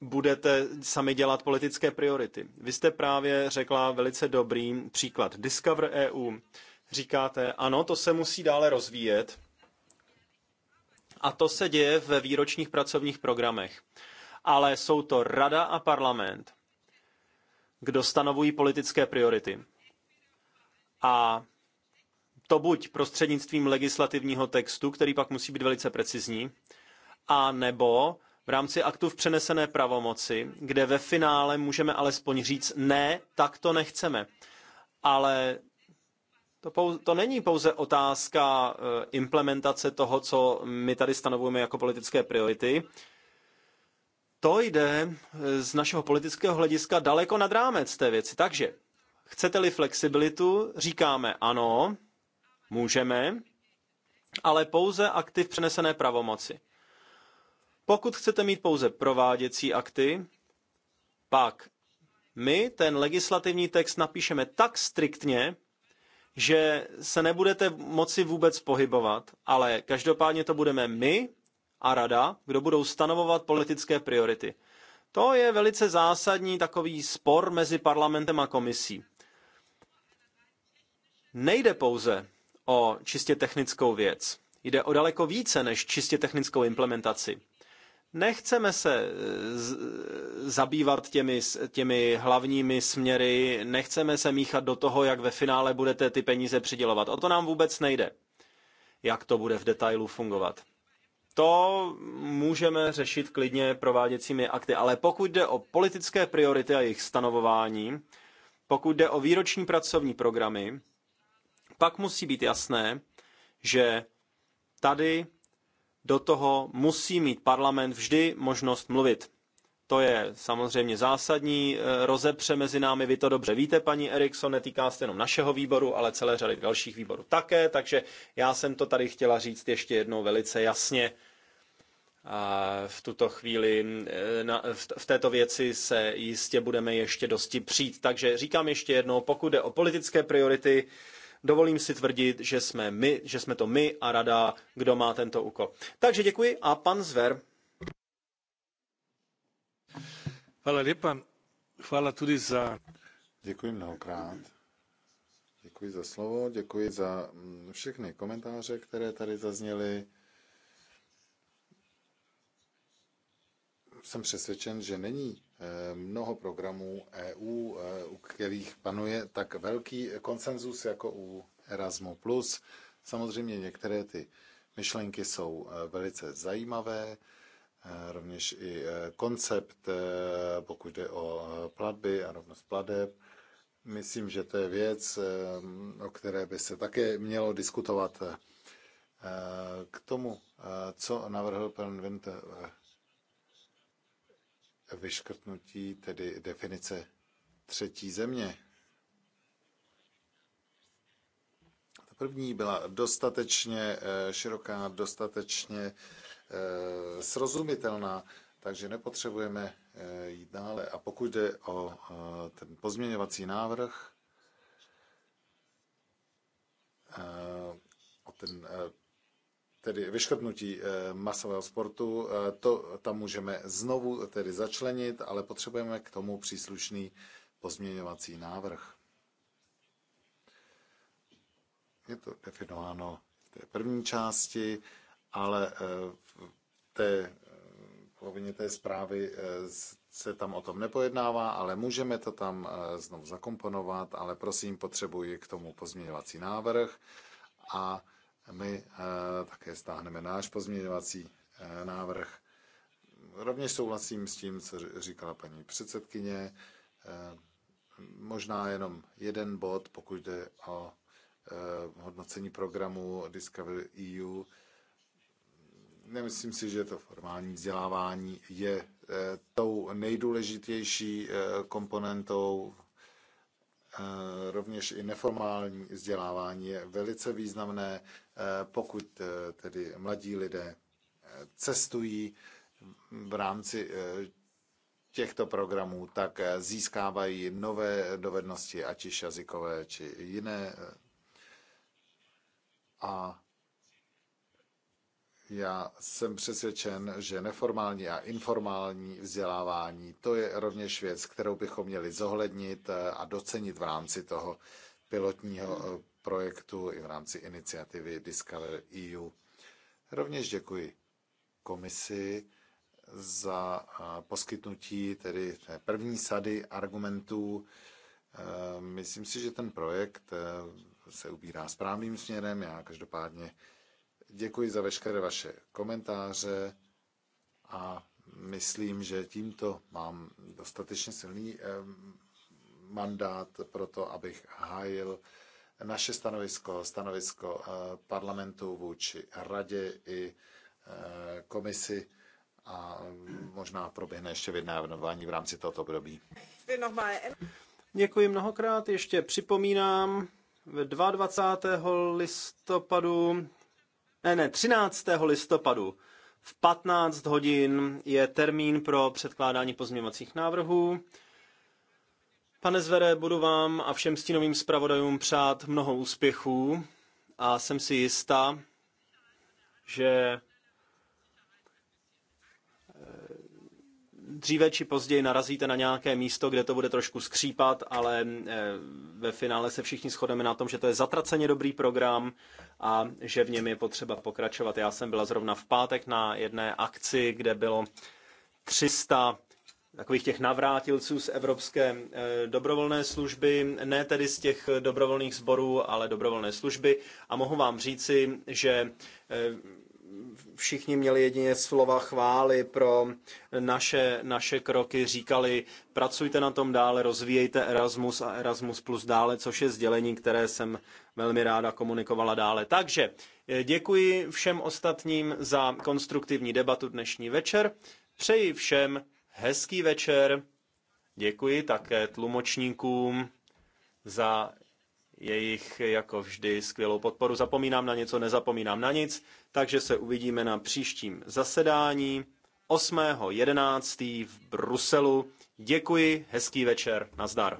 budete sami dělat politické priority. Vy jste právě řekla velice dobrý příklad. Discover EU. Říkáte, ano, to se musí dále rozvíjet. A to se děje ve výročních pracovních programech. Ale jsou to rada a parlament, kdo stanovují politické priority. A to buď prostřednictvím legislativního textu, který pak musí být velice precizní, a nebo v rámci aktu v přenesené pravomoci, kde ve finále můžeme alespoň říct, ne, tak to nechceme. Ale to, pou, to není pouze otázka eh, implementace toho, co my tady stanovujeme jako politické priority. To jde eh, z našeho politického hlediska daleko nad rámec té věci. Takže Chcete-li flexibilitu, říkáme ano, můžeme, ale pouze akty v přenesené pravomoci. Pokud chcete mít pouze prováděcí akty, pak my ten legislativní text napíšeme tak striktně, že se nebudete moci vůbec pohybovat, ale každopádně to budeme my a rada, kdo budou stanovovat politické priority. To je velice zásadní takový spor mezi parlamentem a komisí nejde pouze o čistě technickou věc. Jde o daleko více než čistě technickou implementaci. Nechceme se eh, eh, zabývat těmi, těmi hlavními směry, nechceme se míchat do toho, jak ve finále budete ty peníze přidělovat. O to nám vůbec nejde, jak to bude v detailu fungovat. To můžeme řešit klidně prováděcími akty, ale pokud jde o politické priority a jejich stanovování, pokud jde o výroční pracovní programy, pak musí být jasné, že tady do toho musí mít parlament vždy možnost mluvit. To je samozřejmě zásadní eh, rozepře mezi námi. Vy to dobře víte, paní Erikson, netýká se jenom našeho výboru, ale celé řady dalších výborů také, takže já jsem to tady chtěla říct ještě jednou velice jasně. v tuto chvíli eh, v, v této věci se jistě budeme ještě dosti přijít. Takže říkám ještě jednou, pokud jde o politické priority, Dovolím si tvrdit, že jsme, my, že jsme to my a rada, kdo má tento úkol. Takže děkuji a pan Zver. Hvala lepa. Hvala tudi za... Děkuji mnohokrát. Děkuji za slovo, děkuji za mm, všechny komentáře, které tady zazněly. Jsem přesvědčen, že není Eh, mnoho programů EU, eh, u kterých panuje tak velký konsenzus jako u Erasmu+. Samozřejmě některé ty myšlenky jsou eh, velice zajímavé, rovněž i koncept, pokud jde o platby a rovnost plateb. Myslím, že to je věc, o které by se také mělo diskutovat. K tomu, co navrhl pan Winter vyškrtnutí tedy definice třetí země. Ta první byla dostatečně eh, široká, dostatečně eh, srozumitelná, takže nepotřebujeme eh, jít dále. A pokud jde o ten pozměňovací návrh, o ten tedy vyškrtnutí eh, masového sportu, eh, to tam můžeme znovu tedy začlenit, ale potřebujeme k tomu příslušný pozměňovací návrh. Je to definováno v té první části, ale eh, v té povinně té zprávy se tam o tom nepojednává, ale můžeme to tam znovu zakomponovat, ale prosím, potřebuji k tomu pozměňovací návrh a my eh, také stáhneme náš pozměňovací eh, návrh. Rovněž souhlasím s tím, co říkala paní předsedkyně. Eh, možná jenom jeden bod, pokud jde o hodnocení programu Discover EU. Nemyslím si, že to formální vzdělávání je tou nejdůležitější komponentou Eh, rovněž i neformální vzdělávání je velice významné, eh, pokud eh, tedy mladí lidé cestují v rámci těchto programů, tak získávají nové dovednosti, ať již jazykové, či jiné. A já jsem přesvědčen, že neformální a informální vzdělávání to je rovněž věc, kterou bychom měli zohlednit eh, a docenit v rámci toho pilotního eh, projektu i v rámci iniciativy Discover EU. Rovněž děkuji komisi za eh, poskytnutí tedy té první sady argumentů. Myslím si, že ten projekt se ubírá správným směrem. Já každopádně Děkuji za veškeré vaše komentáře a myslím, že tímto mám dostatečně silný mandát pro to, abych hájil naše stanovisko, stanovisko e, parlamentu vůči radě i e, komisi a možná proběhne ještě vyjednávání v rámci tohoto období. Děkuji mnohokrát, ještě připomínám, 22. listopadu Eh, ne, ne, 13. listopadu v 15 hodin je termín pro předkládání pozměňovacích návrhů. Pane Zvere, budu vám a všem stínovým zpravodajům přát mnoho úspěchů a jsem si jistá, že dříve či později narazíte na nějaké místo, kde to bude trošku skřípat, ale eh, ve finále se všichni shodeme na tom, že to je zatraceně dobrý program a že v něm je potřeba pokračovat. Já jsem byla zrovna v pátek na jedné akci, kde bylo 300 takových těch navrátilců z Evropské eh, dobrovolné služby, ne tedy z těch dobrovolných sborů, ale dobrovolné služby. A mohu vám říci, že eh, všichni měli jedině slova chvály pro naše, naše kroky, říkali, pracujte na tom dále, rozvíjejte Erasmus a Erasmus plus dále, což je sdělení, které jsem velmi ráda komunikovala dále. Takže eh, děkuji všem ostatním za konstruktivní debatu dnešní večer. Přeji všem hezký večer. Děkuji také tlumočníkům za jejich, jako vždy, skvělou podporu. Zapomínám na něco, nezapomínám na nic, takže se uvidíme na příštím zasedání 8.11. v Bruselu. Děkuji, hezký večer, nazdar.